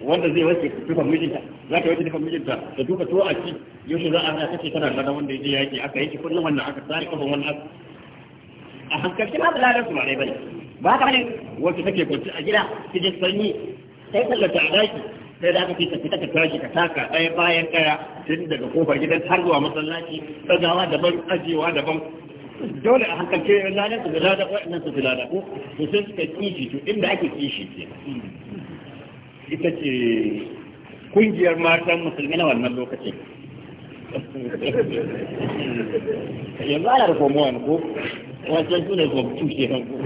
wanda zai wace tufan mijinta za ta wace tufan mijinta da duka tuwa a ci yaushe za a ga kace tana da wanda ya je yaki aka yake kullum wannan aka tsare kafin wannan a hankalci ma da ladan su ba dai bane ba ka bane wace take kwanci a gida ki je sanyi sai tallata a daki sai da aka ce ta fita ka tashi ka taka ɗaya bayan ɗaya tun daga kofar gidan har zuwa masallaci tsagawa daban ajewa daban dole a hankalce yin lalata su lada waɗannan su lalata ko to sai suka kishi to inda ake kishi ke ita ce kungiyar matan musulmi na wannan lokacin yanzu ana da komowan ko wancan su ne kwamfu ke nan ko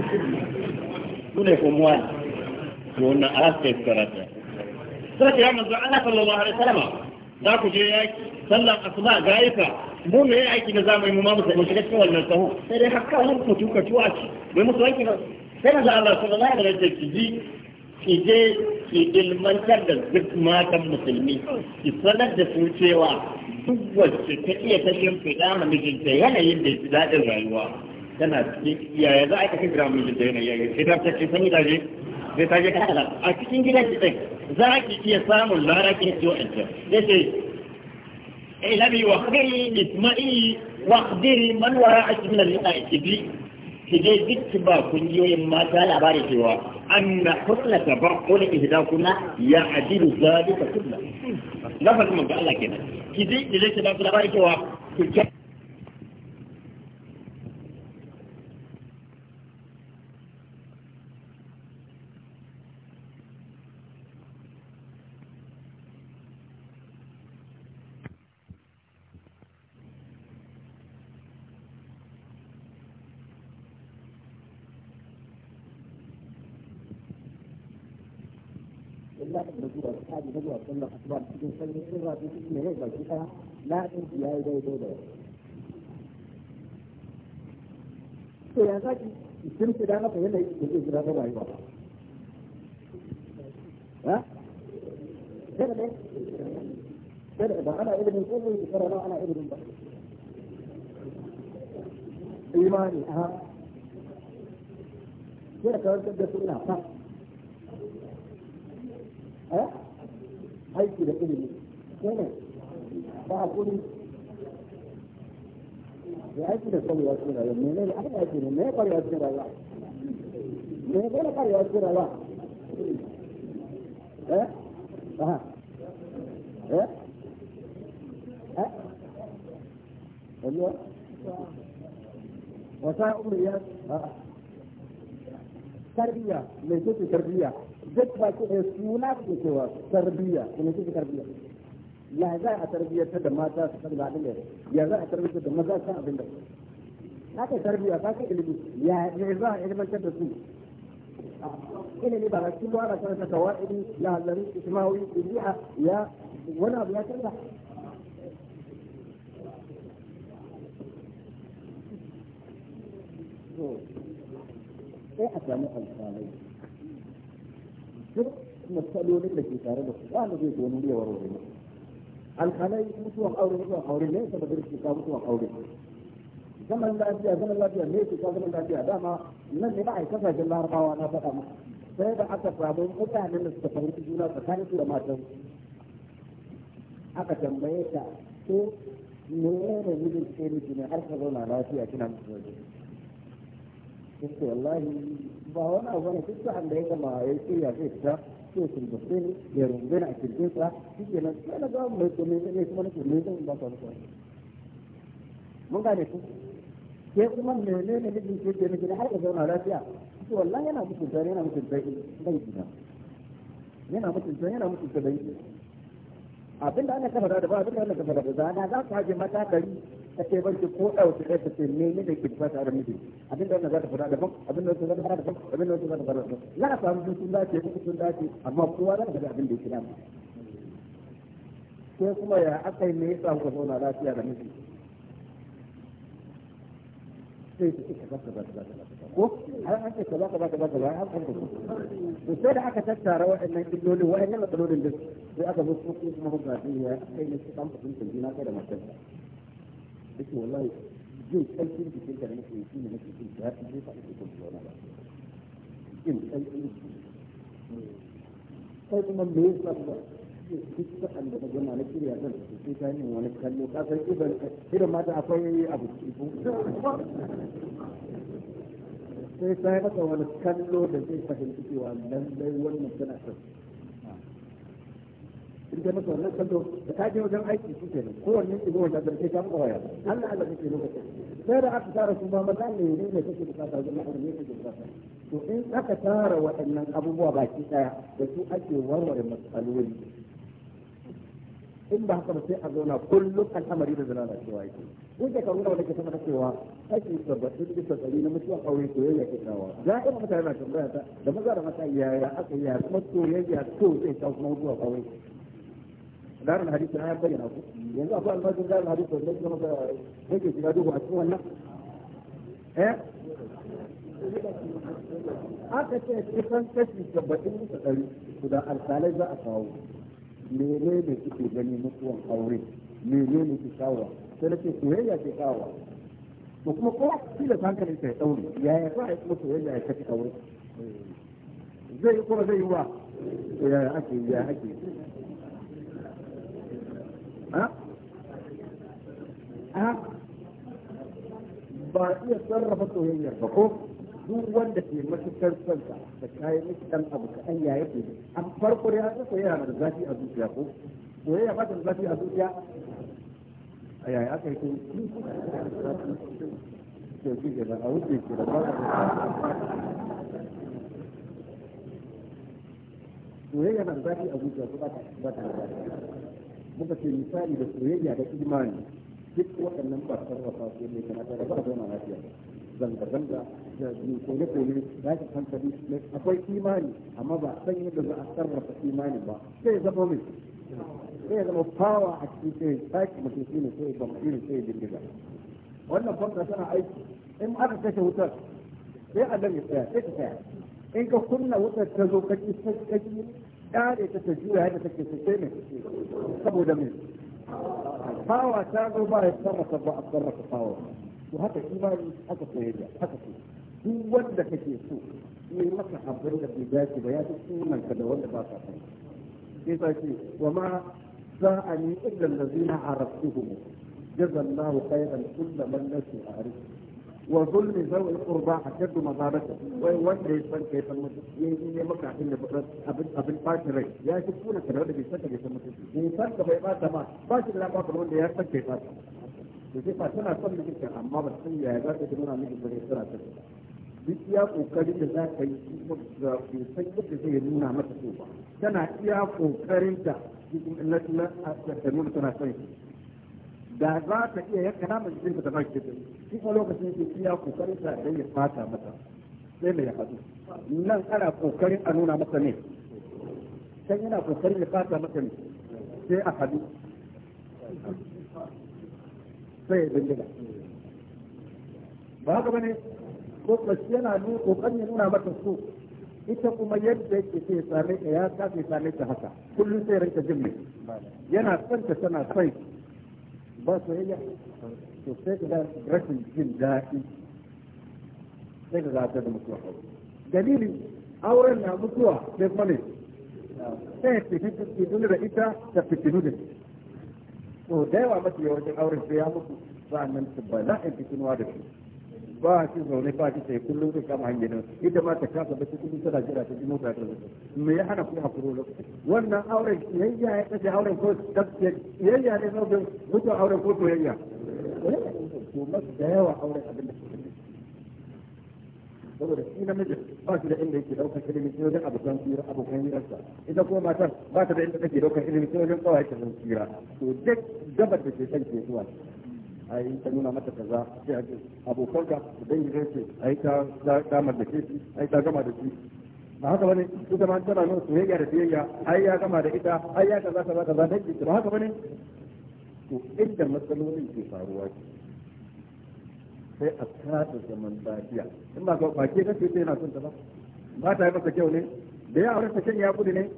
su ne komowan to wannan alaska ya karata sai ya manzo Allah sallallahu alaihi wasallam za ku je yaki sallan asuba yaka mu ne aiki na zamani mu ma mu sai cikin wannan sahu sai dai hakka mun ku ka tuwa ci mai mu sai kina sai na Allah sallallahu alaihi wasallam ki ji ki je ki ilmantar da duk matan musulmi ki sanar da su cewa duk wacce ta iya ta shimfiɗa ma mijinta yanayin da ya fi daɗin rayuwa tana cikin iyaye za a yi ta kira mijinta yanayin sai ta ce sani da je sai ta a cikin gidan ki din za ki iya samun larakin eh, ki wa'ancan yace ai labi wa khari isma'i wa khadiri man wara'aki min al-liqa'i bi ki je duk ba kungiyoyin mata labari cewa anna hurla tabaqqul ihdakuna ya adilu zalika kullu lafazin manzo Allah kenan ki je ki je ki ba labari cewa ki يسرها في جسم ليس الكفاية لا تنفي يديه دونه to ya zaki sun fi da maka yanayi da zai jira ba rayuwa ha kada ne kada ba ana ilimin ko ne kada na ana ilimin ba imani ha kada ka warkar da sunna fa ha aiki da ilimi shine ba kuri ya aiki da sani ya cikin rayuwa mene ne aka aiki ne me ya kwarewa cikin rayuwa me ya kwarewa kwarewa cikin rayuwa eh aha eh eh wani wata umriya tarbiyya mai kusa tarbiyya duk ba ɗaya suna ke cewa tarbiyya kuma kike tarbiyya ya za a tarbiyyar da mata su san abin da ya za a tarbiyyar da maza su san abin da ka kai tarbiyya ka kai ilimi ya ne za a ilimantar da su ilimi ba ga cikin wani ta saka wa'idi ya halari ismawi ibi'a ya wani abu ya canza sai a samu alfalai duk matsalolin da ke tare da su ba da zai wuri mutuwan aure mutuwan aure ne ta bazir ka mutuwan aure zaman lafiya zaman lafiya ne su ka zaman lafiya dama nan ne ba a larabawa na faɗa mu sai da aka samu mutanen da suka fahimci juna tsakanin su da matan aka tambaye ta ko ne ne mijin ke har ka zauna lafiya kina mutuwa yace wallahi ba wani abu bane duk sa'an da ya gama ya shirya zai fita sai turbace ne ya rungume a cikin shi ke nan sai na ga mai kome ne kuma na kome zan ba ka mutuwa mun gane ku ke kuma mene ne mijin ke ke miki da har ka zauna lafiya to wallahi yana mutunta yana mutunta dan gida yana mutunta yana mutunta dan gida abinda ana kafa da ba abinda ana kafa da za ba za ka haje mata dari ta ban ci ko ɗauki ɗaya ta ce me ne da ke fata da miji abin da wannan za ta fara da daban abin da wannan za ta fara da daban abin da wannan za ta fara da daban za a samu sun sun dace ko sun dace amma kowa za ta ga abin da ya kira ko kuma ya aka yi me yasa ku zauna lafiya da miji sai su suka kasa ba ta ko har an ce ba ka ba ka ba har an ko sai da aka tattara waɗannan illolin waɗannan matsalolin duk sai aka zo su kuma ga duniya kai ne su kan fahimtar juna kai da matarsa yake wallahi jin ƙarfin jikin da nake yi ne nake jin daɗi sai ka ake kuma zauna ba jin ƙarfin jikin kai kuma me yasa ba duk an da na gama kiriya shirya zan sai ta yin wani kallo ka san idan irin mata akwai abu sai sai yi maka wani kallo da zai fahimci cewa lallai wannan tana tafiya in ta masa wannan kallo da ta je wajen aiki shi kenan kowanne shi zuwa da barke ta mawaya Allah Allah kake lokacin sai da aka tara su ba maza ne ne ne kake bukata wajen ma'aikata ne kake bukata to in aka tara waɗannan abubuwa baki daya da su ake warware matsaloli in ba haka ba sai a zauna kullum al'amari da zalala cewa yake in da karuna wanda ke sama cewa kashi saba'in bisa ɗari na mutuwa aure soyayya ke kawo za a mutane na tambaya ta da maza da mata yaya aka yaya kuma soyayya to zai kawo kuma mutuwa aure دار الحديث أنا يعني أبو دار الحديث هيك أسمه إيه aka ce kashi guda za a kawo mene ne suke gani mutuwan aure mene ne kawo sai soyayya ke kawo to kuma shi da hankalin sai kuma soyayya ya kashi aure zai yi kuma zai yi wa ake ake ba iya sarrafa soyayyar ba ko duk wanda ke matukar sansa da kayan miki dan abu ka an yaya ke an farko da ya soyayya na da zafi a zuciya ko soyayya ba ta da zafi a zuciya a yaya aka yi ko ke ji da a wuce ke da ba soyayya na da zafi a zuciya ko ba ta da zafi muka ce misali da soyayya da imani duk waɗannan ba su sarrafa su ne kana da ba zama lafiya zanga-zanga da ni ko ne ko ne da ka san kadi akwai imani amma ba san yadda za a sarrafa imani ba sai zama mai sai zama power a cikin sai sake mutum shi ne sai bambu irin sai bindiga wannan fanka tana aiki in aka kashe wutar sai a ya tsaya sai ta tsaya in ka kunna wutar ta zo kaki sai kaki kare ta ta juya yadda take su ne saboda me fawa ta zo ba ya sama ta ba a ka fawa to haka imani haka soyayya haka so duk wanda kake so ne maka abin da bai dace ba ya fi sunan ka da wanda ba ka san sai ta ce wa ma za a za'ani illa allazina araftuhum jazallahu khayran kullu man nasu harin. wa zulmi zawil qurba haddatu mazabata wai wanda ya san kai san mutunci ne maka abin da abin abin bacin rai ya shi kuna kada da bai san kai san mutunci ne san ka bai ma ba shi da ba ka wanda ya san kai bata to sai fa tana son mutunci amma ba san ya za ta nuna miki bare sura ta duk iya kokarin da za ka yi da san yadda zai nuna mata so ba tana iya kokarin ta cikin na ta nuna tana son da za ta iya yanka naman jikin ta ba ki shi kuma lokacin ke kiya kokarin sa dan ya fata mata sai mai haɗu nan ana kokarin a nuna mata ne sai yana kokarin ya fata mata ne sai a haɗu sai ya dindiga ba haka bane ko kashi yana nuna kokarin ya nuna mata so ita kuma yadda yake sai ya same ka ya kafe same ta haka kullum sai ranka jin mai yana son ta tana son ba soyayya to sai ka ga rashin jin daɗi sai ka ga da mutuwa dalilin auren na mutuwa sai kuma ne sai fitinu da ita ta fitinu da to da yawa mafi yawancin auren sai ya mutu sa'annan su bala'in fitinuwa da shi ba shi zaune ba shi sai kullum zai kama hanyar ita ma ta kasa ba kullum tana jira ta ji mota ta zo me ya hana ku hakuro lokaci wannan auren yayya ya kace auren ko yayya ne zo bin mutum auren ko yayya to mas da yawa auren abin da saboda shi namiji ba shi da inda yake daukar ilimi sai wajen abokan tsira abokan hirarsa ita kuma matar ba ta da inda take daukar ilimi sai wajen kawai ta tsira to duk gabar da ke kan ke zuwa ai ta nuna mata kaza sai a ce abokanka idan gidan ce ai ta ta mallake shi ai ta gama da shi ba haka bane ita ma tana nuna soyayya da biyayya ai ya gama da ita ai ya kaza kaza kaza dan ki ba haka bane to inda matsalolin ke faruwa sai a kasa zaman lafiya in ba ba ke kace sai na son ta ba ba ta yi masa kyau ne da ya aure ta kan ya gudu ne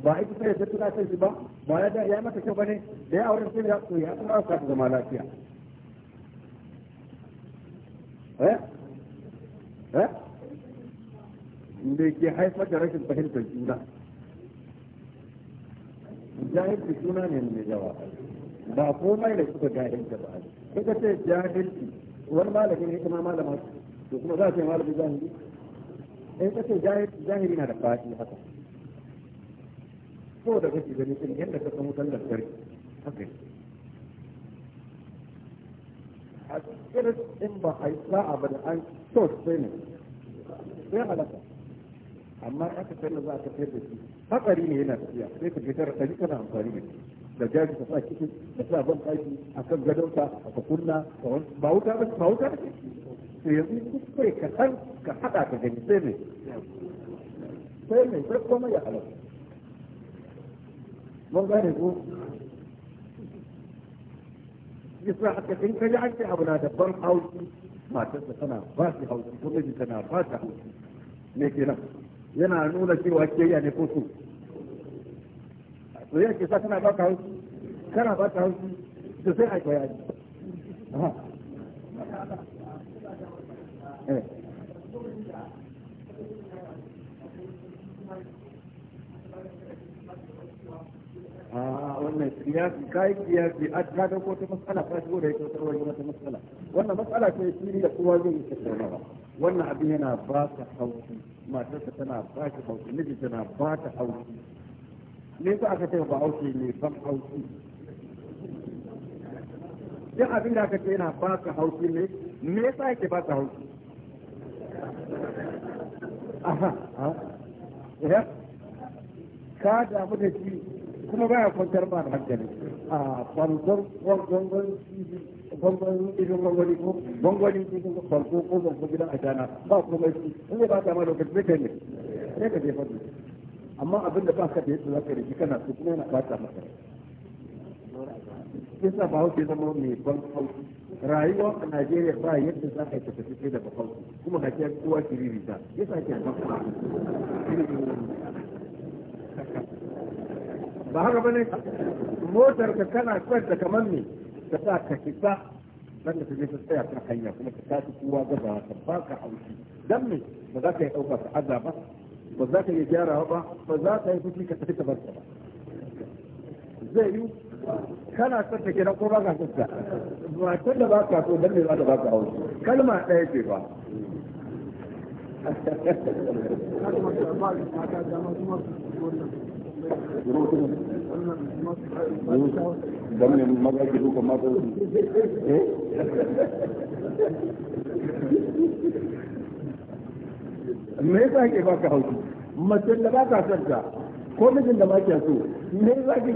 ba ita sai ta tura kan shi ba ba ya ya mata kyau ba ne, da ya aure ta ya to ya tsara ka zama lafiya eh eh da ke haifar da rashin fahimtar juna jahilci suna ne mai yawa ba komai da suka jahilta ba suka ce jahilci wani malami ne kuma malama to kuma za a ce malami jahili in eh, ka ce jahili na da fashi haka ko da kake gani din yadda ka san wutar lantarki haka a cikin in ba a isa sa'a ba da an so sai ne sai halaka amma aka sai da za a tafiyar da shi hatsari ne yana tafiya sai ka fitar da kana amfani da shi da jari ka sa kicin da sa ban ɗaki a kan gadonka a ka kunna ba wuta ba ba wuta ba to yanzu kuskure ka san ka haɗa ka gani sai ne sai ne sai kuma ya halaka mun gane ko yasa haka in ka ji an abu na da ban haushi matarsa tana ba shi haushi ko miji tana ba ta haushi me kenan yana nuna cewa kiyayya ne ko so soyayya ke sa tana ba ka haushi kana ba ta haushi da sai a bayani kiyasi kai kiyasi a ta ga ko ta mas'ala ta shigo da ita ta wani wata mas'ala wannan mas'ala ce shi da kowa zai yi ba wannan abin yana ba ta matar ta tana ba ta hauki miji tana ba ta hauki me yasa aka ce ba hauki ne ban hauki duk abin da aka ce yana ba ka hauki ne me yasa yake ba ka hauki aha ha ka damu da shi kuma baya kwantar ba da hankali a kwantar gwangwani cikin gwangwani cikin gwangwani ko gwangwani cikin farko ko farko gidan ajana ba komai shi in zai ba ta ma lokaci zai kai ne sai ka je fadi amma abin da ba ka da yadda za ka rigi kana su kuma yana bata maka sa ba hauke zama mai ban hauki rayuwa a Najeriya ba yadda za ka yi tafi sai da ba bakau kuma ka kiyar kowa shiriri ta sa ke a bakau ba haka bane motar ka kana kwanta kamar me ka sa ka fita dan ka je ta tsaya kan hanya kuma ta tashi kowa ga ba ka baka haushi dan me ba za ka yi dauka ka azaba ba ba za ka yi gyara ba ba za ka yi fushi ka tafi ka bar ba zai yi kana son ta kenan ko ba ka son ba ta da ba ka so dan me za ta ba ka haushi kalma ɗaya ce ba Thank you. don ne maza ke duka mata su me yasa ake baka mace da ba ka sarta ko mijin da ba kya so me yasa ke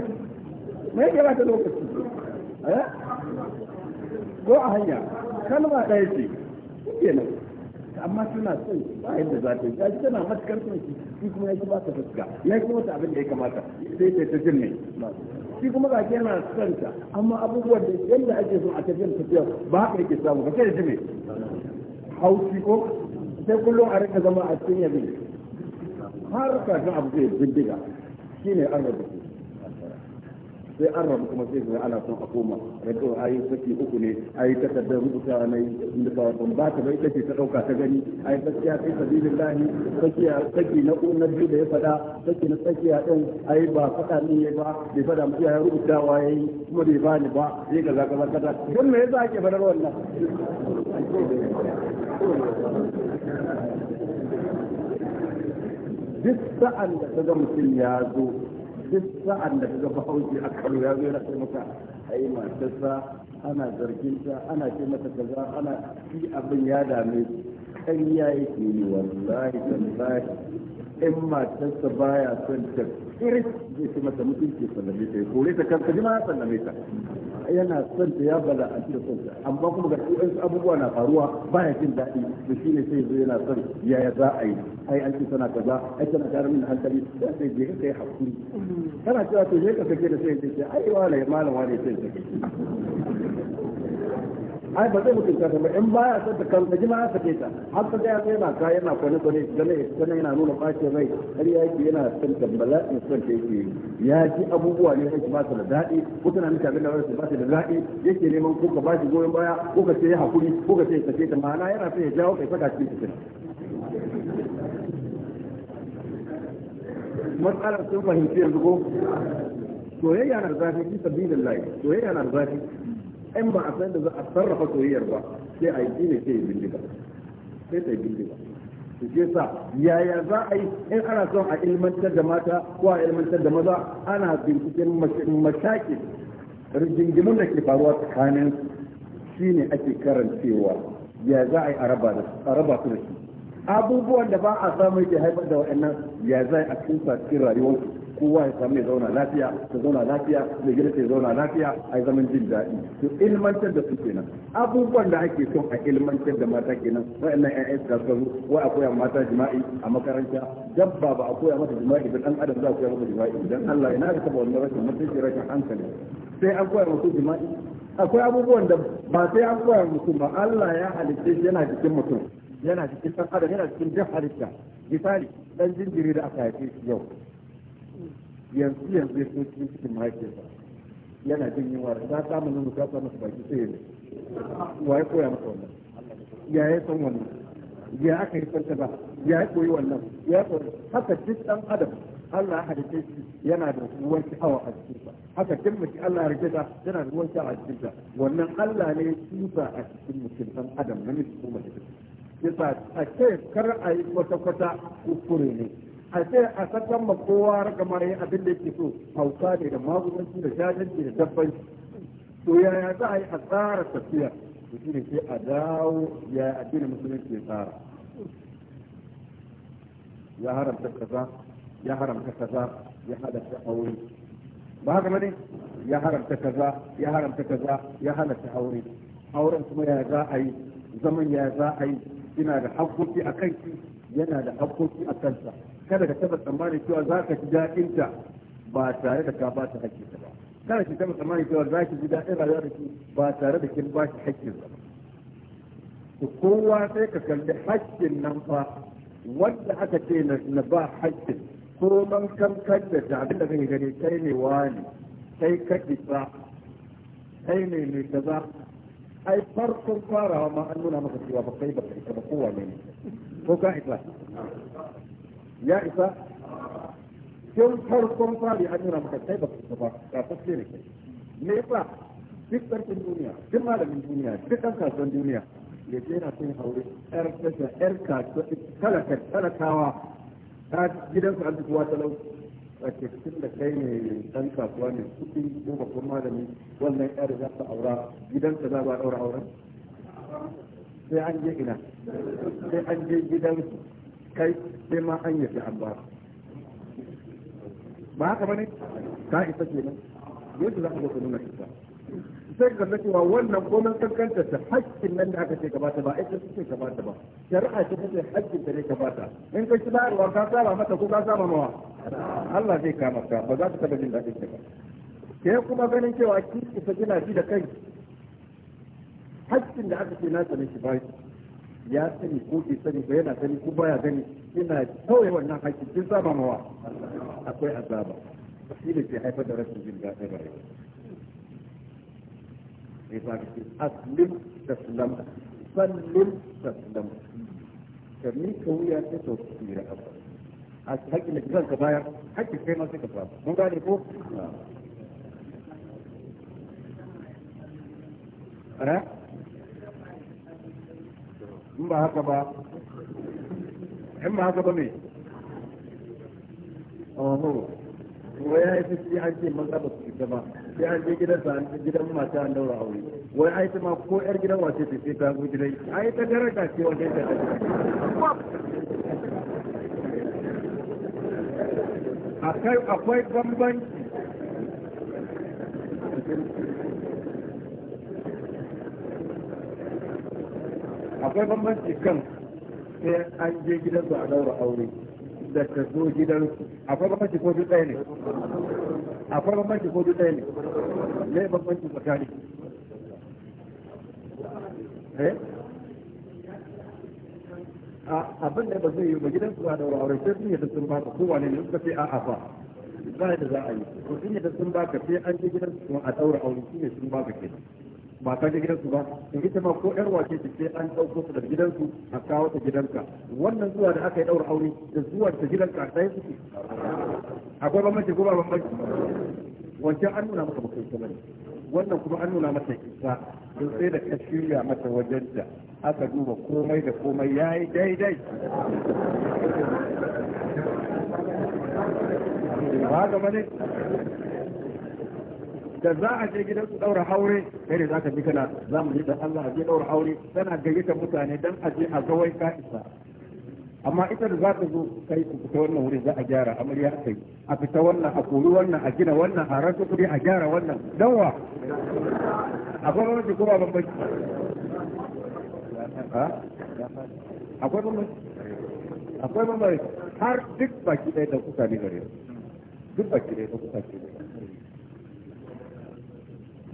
me yake ba ta lokaci eh ko a hanya kalma ɗaya ce kenan amma tana son ba yadda za ta yi ya tana matukar son shi shi kuma ya ki ba ta fuska ya ki wata abin da ya kamata sai ta ta jin ne shi kuma ga ke yana son ta amma abubuwan da yadda ake so a tafiyar tafiyar ba haka yake samu ba sai da jime haushi ko sai kullum a rika zama a cikin yabi har kafin abu zai bindiga ne an rubuta sai an rabu kuma sai ana son a koma rabu ayi saki uku ne ayi takardar rubuta inda ba ban ba ta bai ta dauka ta gani ayi gaskiya saki na ko na biyu da ya fada saki na din ayi ba fada ne ya ba bai fada mu ya rubuta wa yayi kuma bai bani ba sai ga zaka zaka dan me yasa ake fadar wannan duk sa'an da ta ga mutum ya zo duk sa'an da ga bahaushe a kano ya zo yana ce maka ai matarsa ana zargin ta ana ce mata kaza ana shi abin ya dame yayi yake ne wallahi tallahi in matarsa baya son ta iris zai ce mata mutunci sallame ta ya kore ta kanka ji ma sallame ta yana son ta ya bala a cikin son amma kuma ga su abubuwa na faruwa baya jin daɗi da shi ne sai zo yana son yaya za a yi ai an ce tana kaza ai tana tare min hankali sai sai je ka hakuri kana cewa to je ka sake da sai ce ai wala malama wani sai sake ai ba zai mutunta ta ba in baya son ta kan ji ma ya sake ta har ta gaya sai na kaya yana kwane kwane gane gane yana nuna bacin rai har ya yake yana son tambala in son ta yake ya ji abubuwa ne kai ba su da daɗi ko tana miki abin da wani su ba su da daɗi yake neman ko ka ba shi goyon baya ko ka ce ya hakuri ko ka ce ya sake ta ma'ana yana son ya jawo kai fada cikin cikin matsalar sun fahimci yanzu ko soyayya na zafi fi sabilillah soyayya na zafi in ba a san da za a sarrafa soyayyar ba sai a yi ne sai ya bindiga sai ta yi bindiga su ce sa yaya za a yi in ana son a ilmantar da mata ko a ilmantar da maza ana binciken mashaƙi rigingimin da ke faruwa tsakanin shi ne ake karancewa ya za a yi a raba su da shi abubuwan da ba a samun ke haifar da waɗannan ya za a cikin sa cikin rayuwarsu kowa ya samu ya zauna lafiya ta zauna lafiya mai gida ta zauna lafiya a yi zaman jin daɗi to ilmantar da su kenan abubuwan da ake son a ilmantar da mata kenan wa'annan ƴaƴan da suka zo wai a koya mata jima'i a makaranta dabba ba a koya mata jima'i ba dan adam za a koya mata jima'i idan Allah ina da taba wannan rashin mutunci rashin hankali sai an koya musu jima'i akwai abubuwan da ba sai an koya mutum ba Allah ya halitta yana cikin mutum yana cikin ɗan adam yana cikin duk halitta misali ɗan jinjiri da aka haife yau yanzu yanzu ya so cikin cikin mahaifiyarsa yana jin yunwa da ta samu nuna ta samu baki sai ne wa ya koya masa wannan ya ya san wannan ya aka yi san ba ya koyi wannan ya koyi haka duk dan adam Allah ya halitta shi yana da ruwan sha'awa a cikinsa haka duk mutum Allah ya rike yana da ruwan sha'awa a cikinsa wannan Allah ne ya a cikin mutum dan adam na namiji ko mace yasa a ce kar a yi kwata-kwata kuskure ne a ce a sakan ma kowa ragamar yin abin da yake so hauka ne da magudanci da jajanci da dabbanci to yaya za a yi a tsara tafiya da shi ne sai a dawo ya addinin musulunci ya tsara ya haramta kaza ya haramta kaza ya halatta aure ba haka ne ya haramta kaza ya haramta kaza ya halatta aure auren kuma ya za a yi zaman ya za a yi yana da hakkoki a kanki yana da hakkoki a kansa kada ka taba tsammani cewa za ka ji daɗin ta ba tare da ka ba ta hakkin ba kada ki taba tsammani cewa za ki ji daɗin rayuwa da ki ba tare da kin ba shi hakkin ba to kowa sai ka kalli hakkin nan fa wanda aka ce na ba hakkin ko man kan da ta abin da kake gani kai ne wani kai ka isa kai ne mai kaza ai farkon farawa ma an nuna maka cewa ba kai ba kai ba kowa ne ko ka ita ya isa tun farkon fari an nuna maka kai ba su ba ga fasle ne kai me yasa duk karfin duniya duk malamin duniya duk ɗan kasuwan duniya ya je na son haure yar tasha yar kasuwa talaka talakawa ta su an kuwa talauci a cikin da kai ne ɗan kasuwa ne kuɗi ko babban malami wannan yar za ta aura gidansa za ba aura auren sai an je ina sai an je kai sai ma an yafi an ba ba haka bane ka isa nan yadda za ka zo nuna cuta sai ka wa wannan komai kankanta ta haƙƙin nan da aka ce gabata ba aikin suke gabata ba shari'a ce take haƙƙin ta ne gabata in ka shiga ruwa ka saba mata ko ka saba mawa Allah zai kama ka ba za ka taɓa jin daɗin ka ba ke kuma ganin cewa ki isa gina ji da kai haƙƙin da aka ce na sanin shi ba shi ya sani ko bai sani ba yana sani ko baya gani yana kawai wannan haƙƙi kin saba mawa akwai azaba shi ne ke haifar da rashin jin daɗi ba sai ba ka ce aslim da sulam sallim da sulam ka ka wuya ta sauki da abu a haƙƙi da zan ka baya haƙƙi kai ma sai ka samu mun gane ko a eh? in ba haka ba in ba haka ba ne oho wa ya yi sai an ce man ba su fita ba sai an je gidan sa gidan mata an daura aure wai ai ma ko yar gidan wace ce sai ta zo gidan ai ta daraja ce wajen ta akwai akwai bambanci akwai bambanci kan sai an je gidansu a daura aure da ta zo gidansu akwai bambanci ko duk ɗaya ne akwai bambanci ko duk ɗaya ne ne bambanci tsakani eh abin da ba zai yi ba gidan su a daura aure sai sun yi sun ba ko wane ne suka sai a'a afa ba da za a yi ko sun yadda sun ka sai an je gidan su a daura aure yi sun ba ka kenan ba ka gidansu ba in ita ma ko yar wace ce sai an ɗauko su daga gidansu a kawo ta gidanka wannan zuwa da aka yi ɗaura aure da zuwa ta gidanka ɗaya suke akwai bambanci ko ba bambanci wancan an nuna maka mutunta bane wannan kuma an nuna mata isa don sai da ka shirya mata wajen da aka duba komai da komai ya yi daidai ba ga bane da za a je gidan su daura aure kai ne zaka bi kana za mu je da Allah a je daura aure tana gayyata mutane dan a je a ga wai ka isa amma ita da za ta zo kai ku fita wannan wurin za a gyara amarya kai a fita wannan a kori wannan a gina wannan a rasa kuɗi a gyara wannan dawa akwai bambanci ko ba bambanci akwai bambanci akwai bambanci har duk baki ɗaya da kusa ne gare duk baki ɗaya da kusa ne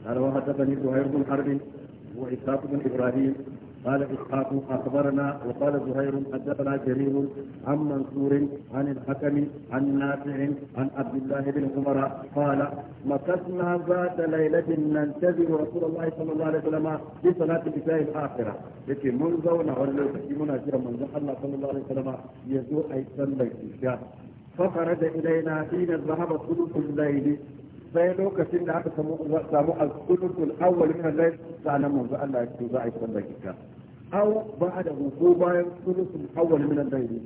قال وحدثني زهير بن حرب وإسحاق بن إبراهيم قال إسحاق أخبرنا وقال زهير حدثنا جرير عن منصور عن الحكم عن نافع عن عبد الله بن عمر قال مكثنا ذات ليلة ننتظر رسول الله صلى الله عليه وسلم في صلاة العشاء الآخرة لكن منذ ونعلو تكيمنا جرى منذ الله صلى الله عليه وسلم يزور أي سنه العشاء فخرج إلينا حين ذهب ثلث الليل sai lokacin da aka samu al-sulusul awwal min al-layl sanan manzo Allah ya ce za a yi sallar isha aw ba'da ko bayan sulusul awwal min al-layl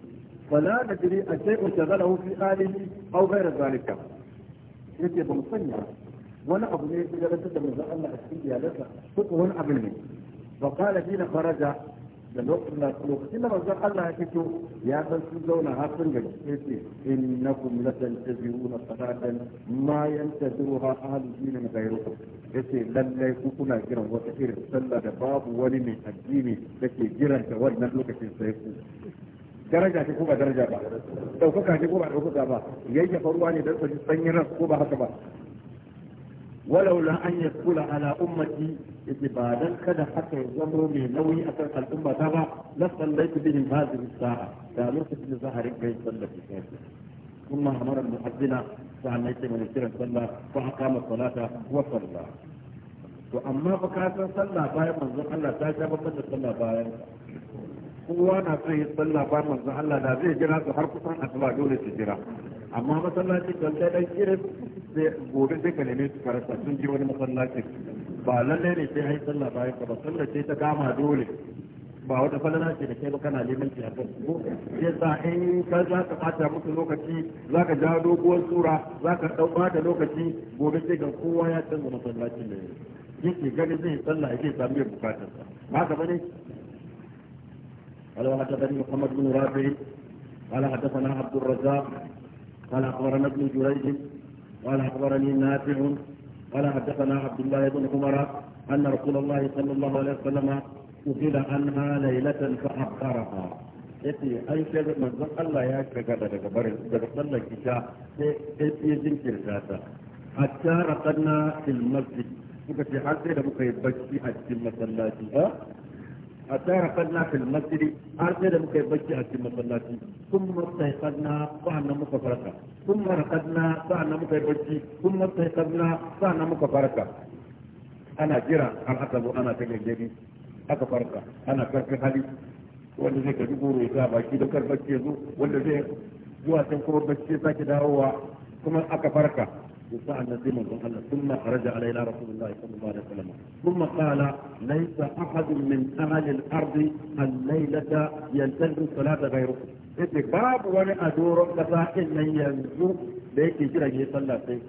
fala nadri ashay'u shaghalahu fi alihi aw ghayra zalika yace ban sanya wani abu ne ya gabatar da manzo Allah a cikin iyalansa ko wani abu ne fa qala hina Faraja. da lokacin da manzon Allah ya fito ya san sun zauna har sun gaji sai ce innakum latantaziruna salatan ma yantaziruha na gairu ya ce lallai ku kuna kiran wata irin sallah da babu wani mai addini da ke jiran ta wannan lokacin sai ku daraja ce ko ba daraja ba daukaka ce ko ba daukaka ba yayyafa ruwa ne don sanyi ran ko ba haka ba ولولا أن يدخل على أمتي إتبادا كذا حتى يزمروا من نوي أثر الأمة تبع لصليت بهم هذه الساعة قالوا في ظهر كي صلى في ثم أمر المؤذن فعليت من الكرة صلى فأقام الصلاة وصلى وأما بكاتا صلى بايا منظر الله تاجا بكاتا صلى بايا kowa na son yi sallah ba manzo Allah da zai jira su har kusan asuba dole su jira amma masallacin don sai dan irin sai gobe sai ka neme su karanta sun ji wani masallacin ba lallai ne sai hayi sallah bayan ka ba sallah ce ta kama dole ba wata falala ce da kai ba kana neman ki hakan ko yasa in ka za ka fata musu lokaci za ka jawo doguwar sura za ka dau bata lokaci gobe sai ga kowa ya canza masallacin da yake ganin zai sallah yake samu ya bukatar sa ba ka bane قال وحدثني محمد بن رافع قال حدثنا عبد الرزاق قال أخبرنا ابن جريج قال أخبرني نافع قال حدثنا عبد الله بن عمر أن رسول الله صلى الله عليه وسلم سئل عنها ليلة فأخبرها yace an shaidar manzon Allah ya shiga daga barin daga sallar isha sai ya jinkirta ta hatta raqanna fil masjid kuka ce har sai da muka yi bacci a cikin masallaci ba a tsara kanna fil masjidi har sai da muka yi bacci a cikin masallaci kun mastai kanna ba nan muka farka kun marakanna ba nan muka yi bacci kun mastai kanna ba nan muka farka ana jira har aka zo ana ta gaggari aka farka ana karfin hali wanda zai karbi goro ya sa baki da karbar ke zo wanda zai zuwa can kowar bacci ya sake dawowa kuma aka farka وفعل في من ثم خرج على الى رسول الله صلى الله عليه وسلم ثم قال ليس احد من اهل الارض الليله يلتزم الصلاه غيركم إذ باب وانا ادور كفاء من ينزو da yake kiran ya sallah sai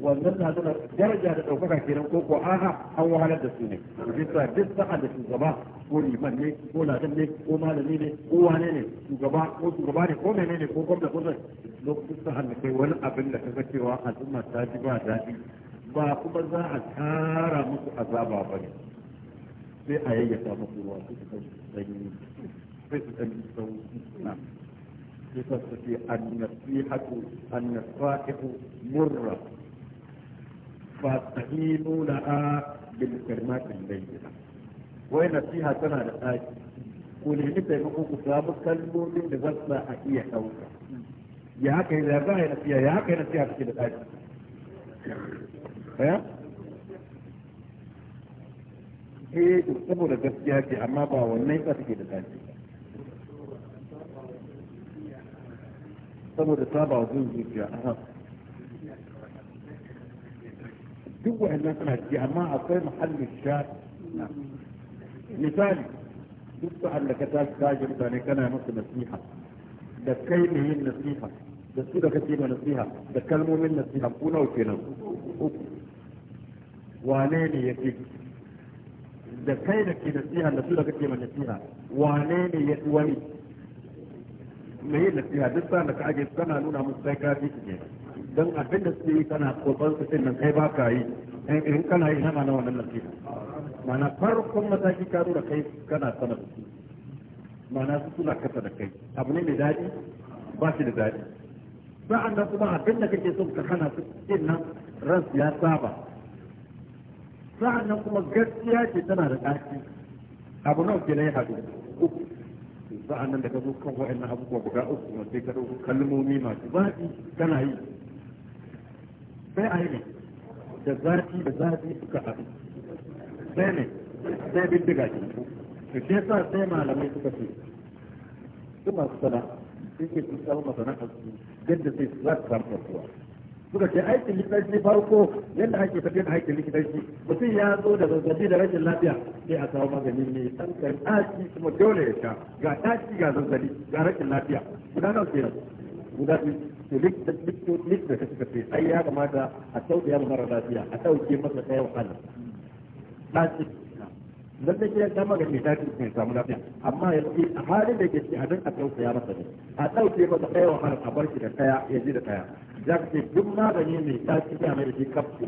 wannan na nuna daraja da ɗaukaka kenan ko ko a'a an wahalar da su ne bisa duk sa'an da shugaba ko liman ne ko ladan ne ko malami ne ko wane ne shugaba ko shugaba ne ko menene ko gwamna ko zai lokacin sa'an da kai wani abin da ka ga cewa al'umma ta ji ba daɗi ba kuma za a kara musu azaba ba ne sai a yayyata musu ruwa su ɗan sanyi sai su ɗan sauki sai su ce an nasihatu an nasaihu murra fasta'inu la'a bil kalimatin bayyina wai nasiha tana da tsaki ku nemi taimako ku samu kalmomin da za su a iya ɗauka ya haka yi za ya yi nasiha ya haka yi nasiha take da tsaki eh saboda gaskiya ce amma ba wannan ba take da tsaki saboda saba wa zuciya دوة اللي انا هديها ما اعطيه محل الشاب نعم. مثال دوة اللي كتاب تاجر ثاني كان يمس نصيحة دكين هي النصيحة دكتور كتير نصيحة دكلموا من نصيحة بقونا وكينا وانين يكيب دكين كي نصيحة دكتور كتير من نصيحة وانين يتواني ما هي نصيحة دكتور انك عجب كان هنونها مستيقات يتجيب don abin da suke yi kana kokon su nan kai ba ka yi in kana yi na mana wannan nasiha mana farkon mataki ka da kai kana sana da su mana su suna kasa da kai abu ne mai daɗi ba shi da daɗi sa'an nan kuma abin da kake son ka hana su din nan su ya saba sa'an nan kuma gaskiya ce tana da ɗaki abu nawa ke na yi haɗu uku sa'an nan da ka zo kan wa'annan abubuwa guda uku masu ka kalmomi masu baɗi kana yi sai a yi da zafi da zafi suka haɗu sai ne sai bindiga ke da shi sa sai malamai suka ce su masu sana ke su samu masana'ar su yadda sai za su samu kasuwa suka ce aikin likitanci farko yadda ake tafiyar da aikin likitanci mutum ya zo da zazzabi da rashin lafiya sai a samu magani ne ɗan kan ɗaki kuma dole ya sha ga ɗaki ga zazzabi ga rashin lafiya guda nawa kenan guda biyu to duk da duk da suka ce ai ya kamata a sauke yaro mara lafiya a sauke masa ɗaya wahala ba shi dan da ke da magani ta ce ne samu lafiya amma ya ce a halin da ke a nan a sauke ya masa a sauke masa ɗaya wahala a bar shi da ɗaya ya ji da ɗaya ya ka ce duk magani mai tashi ya mai da shi kafsu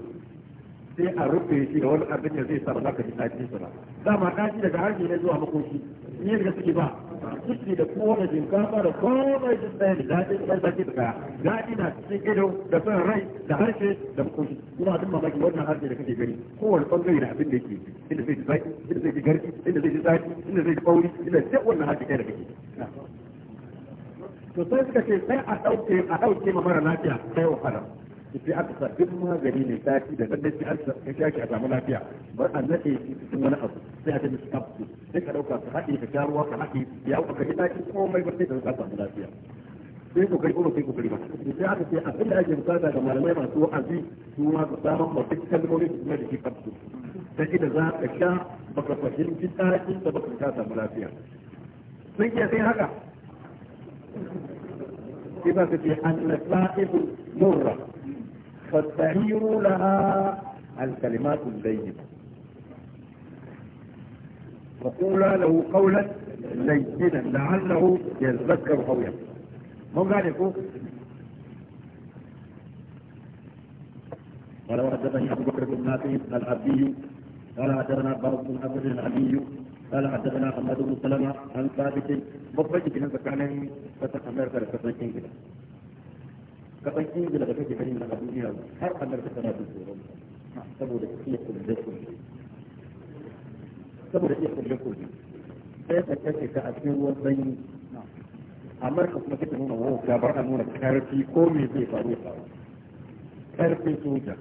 sai a rufe shi da wani abin da zai sa ba za ka sa tashi ba dama tashi daga harshe ne zuwa makoshi ne da suke ba ciki da kowane shinkafa da komai duk ɗaya daɗi da zaki da kaya daɗi na cikin ido da son rai da harshe da makoshi kuma abin mamaki wannan harshe da kake gani kowane ɓangare da abin da yake inda zai ji zaki inda zai ji garki inda zai ji zaki inda zai ji ɓauri inda duk wannan harshe kai da kake to sai suka ce sai a ɗauke a ɗauke ma mara lafiya sai wa sai aka sa duk magani ne sati da sannan sai aka a samu lafiya bar nade shi cikin wani abu sai a sai ka dauka ka ka ka ya ka sai ka samu lafiya sai ku kai sai ku kai ba sai aka ce abin da ake bukata ga malamai masu su ma su samu su da shi za ka sha baka fahimci da baka ka samu lafiya sun ke sai haka sai an murra فاستعيروا لها الكلمات اللينة وقولا له قولا لينا لعله يذكر قولا ما قال يقول قال وحدثني ابو بكر بن نافع العبدي قال حدثنا برد بن عبد العبدي قال حدثنا محمد بن سلمه عن ثابت بفجر بن زكاني فتح امريكا لفتره كده kasan ingila da kake gani na duniya har amurka tana da tsoron saboda iya kulle kulle saboda iya kulle kulle sai ka kace ka a cikin ruwan sanyi amurka kuma kake nuna wauta ba a nuna karfi ko me zai faru ya faru karfin soja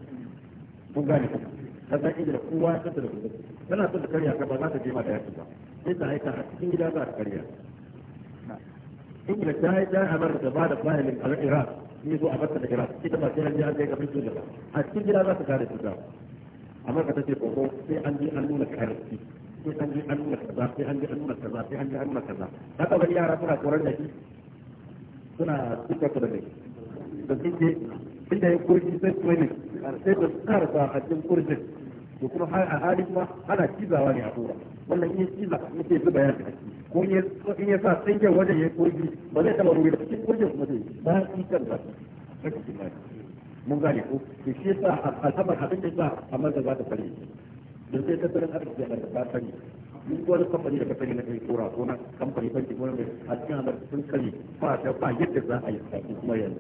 kun gane kuma kasan ingila kowa ya kasa da kulle tana son da karya ka ba za ta je ma da yaki ba sai ta aika a cikin gida za ta karya ingila ta yi ta amurka ba da bayanin al'iraq ni ko a barka da kira ita ba sai an da an kai kafin soja ba a cikin gida za ka kare su da amma ka tace ko sai an ji an nuna karfi sai an ji an nuna kaza sai an ji an nuna kaza sai an ji an nuna kaza ka taba yara suna koran da shi suna cikin suka da kai da suke inda ya kurji sai su ne sai su karfa a cikin kurjin to kuma har a halin kuma ana cizawa ne a tura wannan in ya ciza ya ce zuba ya ta ko in ya sa tsinken wajen ya kurgi ba zai taba ruwa da cikin kurgin kuma zai ba shi kan ba mun gane ko to shi ya yasa al'amar abin da ya sa a mazda za ta fare don sai tattalin arziki da ba ta fare duk wani kamfani da ka sani na kai kora ko na kamfani banki ko na mai a cikin halar sun kare ba da ba yadda za a yi kafin kuma yanzu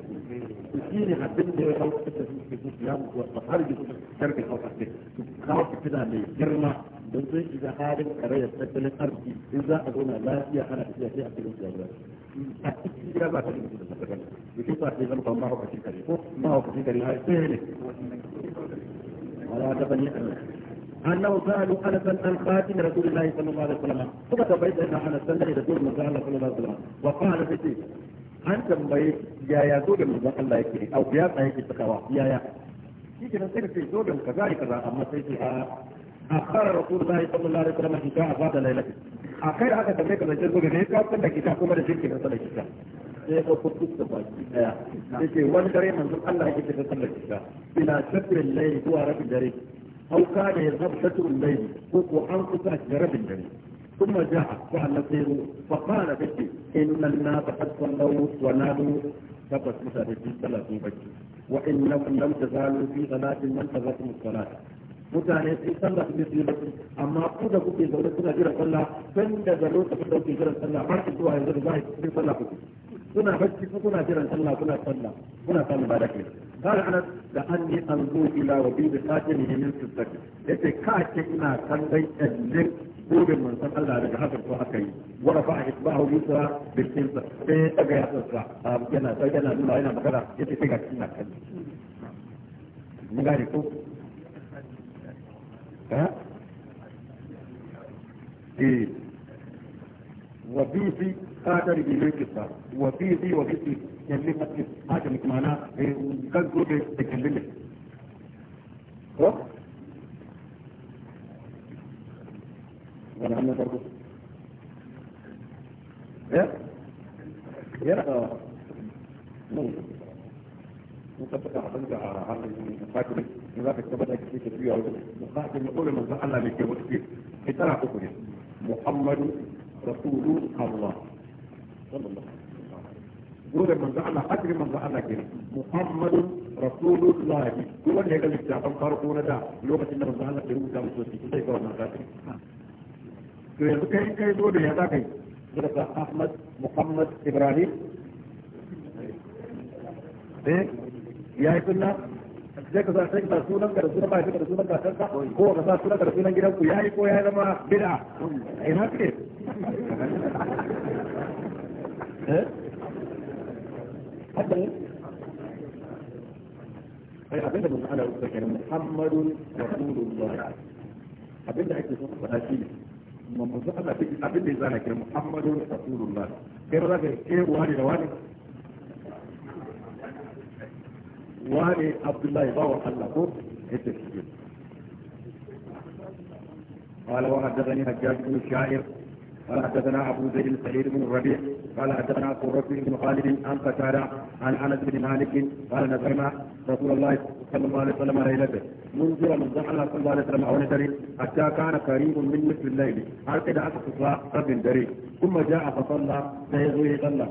shi ne abin da ya hau da suke su ya mutu a har yi karfe hau kafin su kawo fitina mai girma don sun shiga halin karayar tattalin arziki in za a zauna lafiya ana tafiya sai a cikin jami'a a cikin gida ba ta da mutum da ta da duk ba sai zama ba mahaukacin kare ko mahaukacin kare har sai ne wala ta bani Allah أنه سأل أنسا عن خاتم رسول الله صلى الله عليه وسلم ثم تبيت أن أنسا لرسول الله صلى الله عليه وسلم وقال بيتي أنت مبيت يا يا زوجة من ذلك الله يكري أو بيا سيك التقوى يا يا كيف نصير في زوجة من كذلك الرأى أما سيكي أخر رسول الله صلى الله عليه وسلم حكاة بعد الليلة أخير هذا تبريك إيه، الله يجب أن يكون هناك كتاب كما رجل كتاب صلى الله عليه وسلم يقول قد تستطيع يقول وان جريم أن الله يجب أن يكون هناك كتاب إلى شكر الليل هو رب الجريم أو كان يذهب شطر الليل وقعان قصة جرب الليل ثم جاء فعل نصير فقال بك إن الناس قد صلوا ونادوا تبت مثل الصلاة بك وإنكم لم تزالوا في صلاة من تزالكم الصلاة mutane sun sallah su bisu da amma ku da kuke zaune kuna jiran sallah tun daga lokacin da kuke jiran sallah har zuwa yanzu da za a yi sallah kuke kuna bacci ko kuna jiran Allah kuna sallah kuna samun ba da ke قال أنس لأني أنظر إلى وبيد خاتمه من سلسلة يتي كاتي إنا كان بيت الجن قول من سن الله لك حفظ وحكي ورفع إصبعه يسرى بالسلسة سيئت بيها سلسة ينا سيئنا لما هنا مكرا يتي فيك كنا كان مغاري كو ها إيه وبيد قادر بملك الصار وفي ذي وفي ذي يملك هذا مش معناه كان كل يتكلم ولا عندنا برضه ايه يا ممكن تحتاج على عقل المقاتل إذا كتبت كتير فيها المقاتل يقول من زعل لك وكتير اترى حكمه محمد رسول الله صلى الله عليه وسلم من زعل قدر من زعل كده محمد رسول الله هو اللي قال لك تعبان فارقونا ده لغة اللي من زعل كده وده مصوتي كده يقول من زعل كده كده كده جودة يا ذاكي جودة أحمد محمد إبراهيم ايه يا كنا sai ka sa sai ka sunan ka da sunan ba ka da sunan ka kanka ko ka sa sunan ka da sunan gidanku yayi ko yayi zama bid'a ina kake ها حتى أي أبدا من أنا أتذكر محمد رسول الله أبدا أكتب فأتيه manzo Allah take abin da zana kira Muhammadu Rasulullah kai ba za ka ke wani da wani wani Abdullahi bawa Allah ko yadda shi قال وحدثني حجاج بن شاعر قال حدثنا ابو زيد سعيد بن الربيع قال حدثنا ربي بن خالد عن قتادة عن انس بن مالك قال نزلنا رسول الله صلى الله عليه وسلم ليلته منذ من زحل صلى الله عليه وسلم او نزل حتى كان قريب من مثل الليل دعت اكثر قبل دري ثم جاء فصلى فيغوي صلى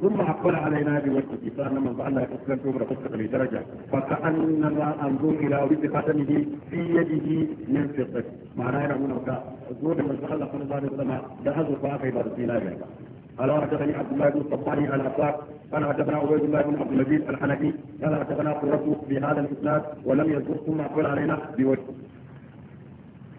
ثم أقبل علينا بوجهه فأنما في كفلا كبرى تصدق درجة فكأنما أنظر إلى ود خاتمه في يده من فضة معناه أنه وكا زود من تخلق صلى الله عليه وسلم لهذا الفاقه بعد الدينار قال حدثني عبد الله بن الصباني على عفاق قال حدثنا عبيد الله بن عبد المجيد الحنفي قال حدثنا قرته بهذا الاسناد ولم يزور ثم اقبل علينا بوجهه.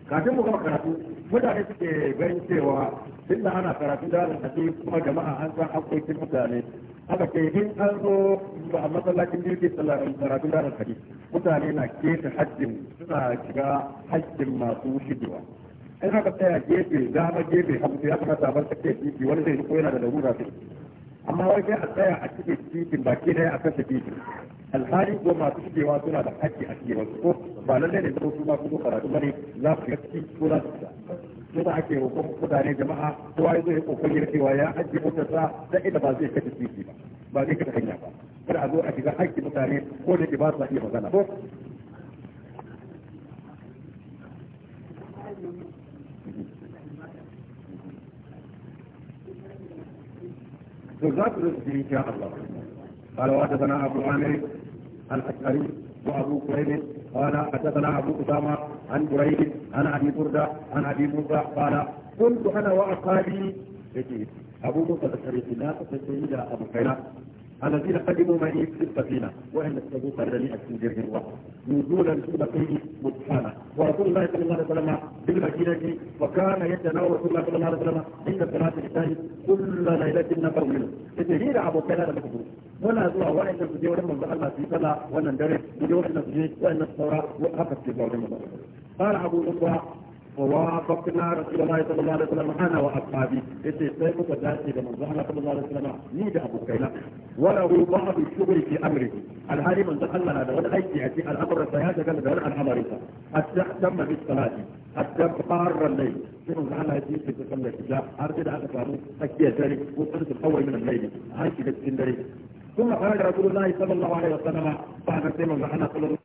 كاتب مغرق mutane suke ganin cewa duk da ana karatu da hadi kuma jama'a an san hakkokin mutane haka ke in an zo a masallacin jirgin karatu da hadi mutane na keta hajjin suna shiga hajjin masu shigewa in haka tsaya gefe dama gefe abu ya kamata ta ke titi wani zai ko yana da larura sai amma wajen a tsaya a cikin titin baki ɗaya a kasa titin alhali ko masu cikewa suna da haƙƙi a cikin wasu ko ba lallai ne ko su ba su karatu bane za su ciki ko za su fita yadda ake roƙon mutane jama'a kowa ya zai kokari cewa ya ajiye motarsa da ita ba zai kace titi ba ba zai kace hanya ba kada a zo a shiga haƙƙi mutane ko da ke ba su iya magana ko بالذات إن شاء الله قال وحدثنا أبو عامر الأشعري وأبو كريب قال حدثنا أبو أسامة عن كريب عن أبي بردة عن أبي موسى قال كنت أنا وأصحابي إيه، إيه، إيه. أبو موسى الأشعري لا تستطيع أبو كريب الذين قدموا معي في السفينة وإن الصدوق الذي أكتب الله نزولا في بقيه سبحانه ورسول الله صلى الله عليه وسلم بالمدينة وكان يتناول رسول الله صلى الله عليه وسلم عند صلاة الاسلام كل ليلة نفر منه تتهير ابو كلاب لم ولا زوا وإن تجي ولم الله في صلاة ونندرس بدون تجي وإن تجي وقفت في بعض في قال أبو نصر ووافقنا رسول الله صلى الله عليه وسلم انا واصحابي يتي سيف كذاتي لمن من صلى الله عليه وسلم ني ده ابو كيلا وله بعض الشغل في امره الحالي من دخل لنا ده ولا اي شيء الامر سياده قال ده الامر حتى اهتم بالصلاه حتى قار الليل شنو زعلها هذه في تسمى الشجاع ارجع على كلامه اكيد ذلك وقلت الاول من الليل هاي كده ثم قال رسول الله صلى الله عليه وسلم بعد ما صلى الله عليه وسلم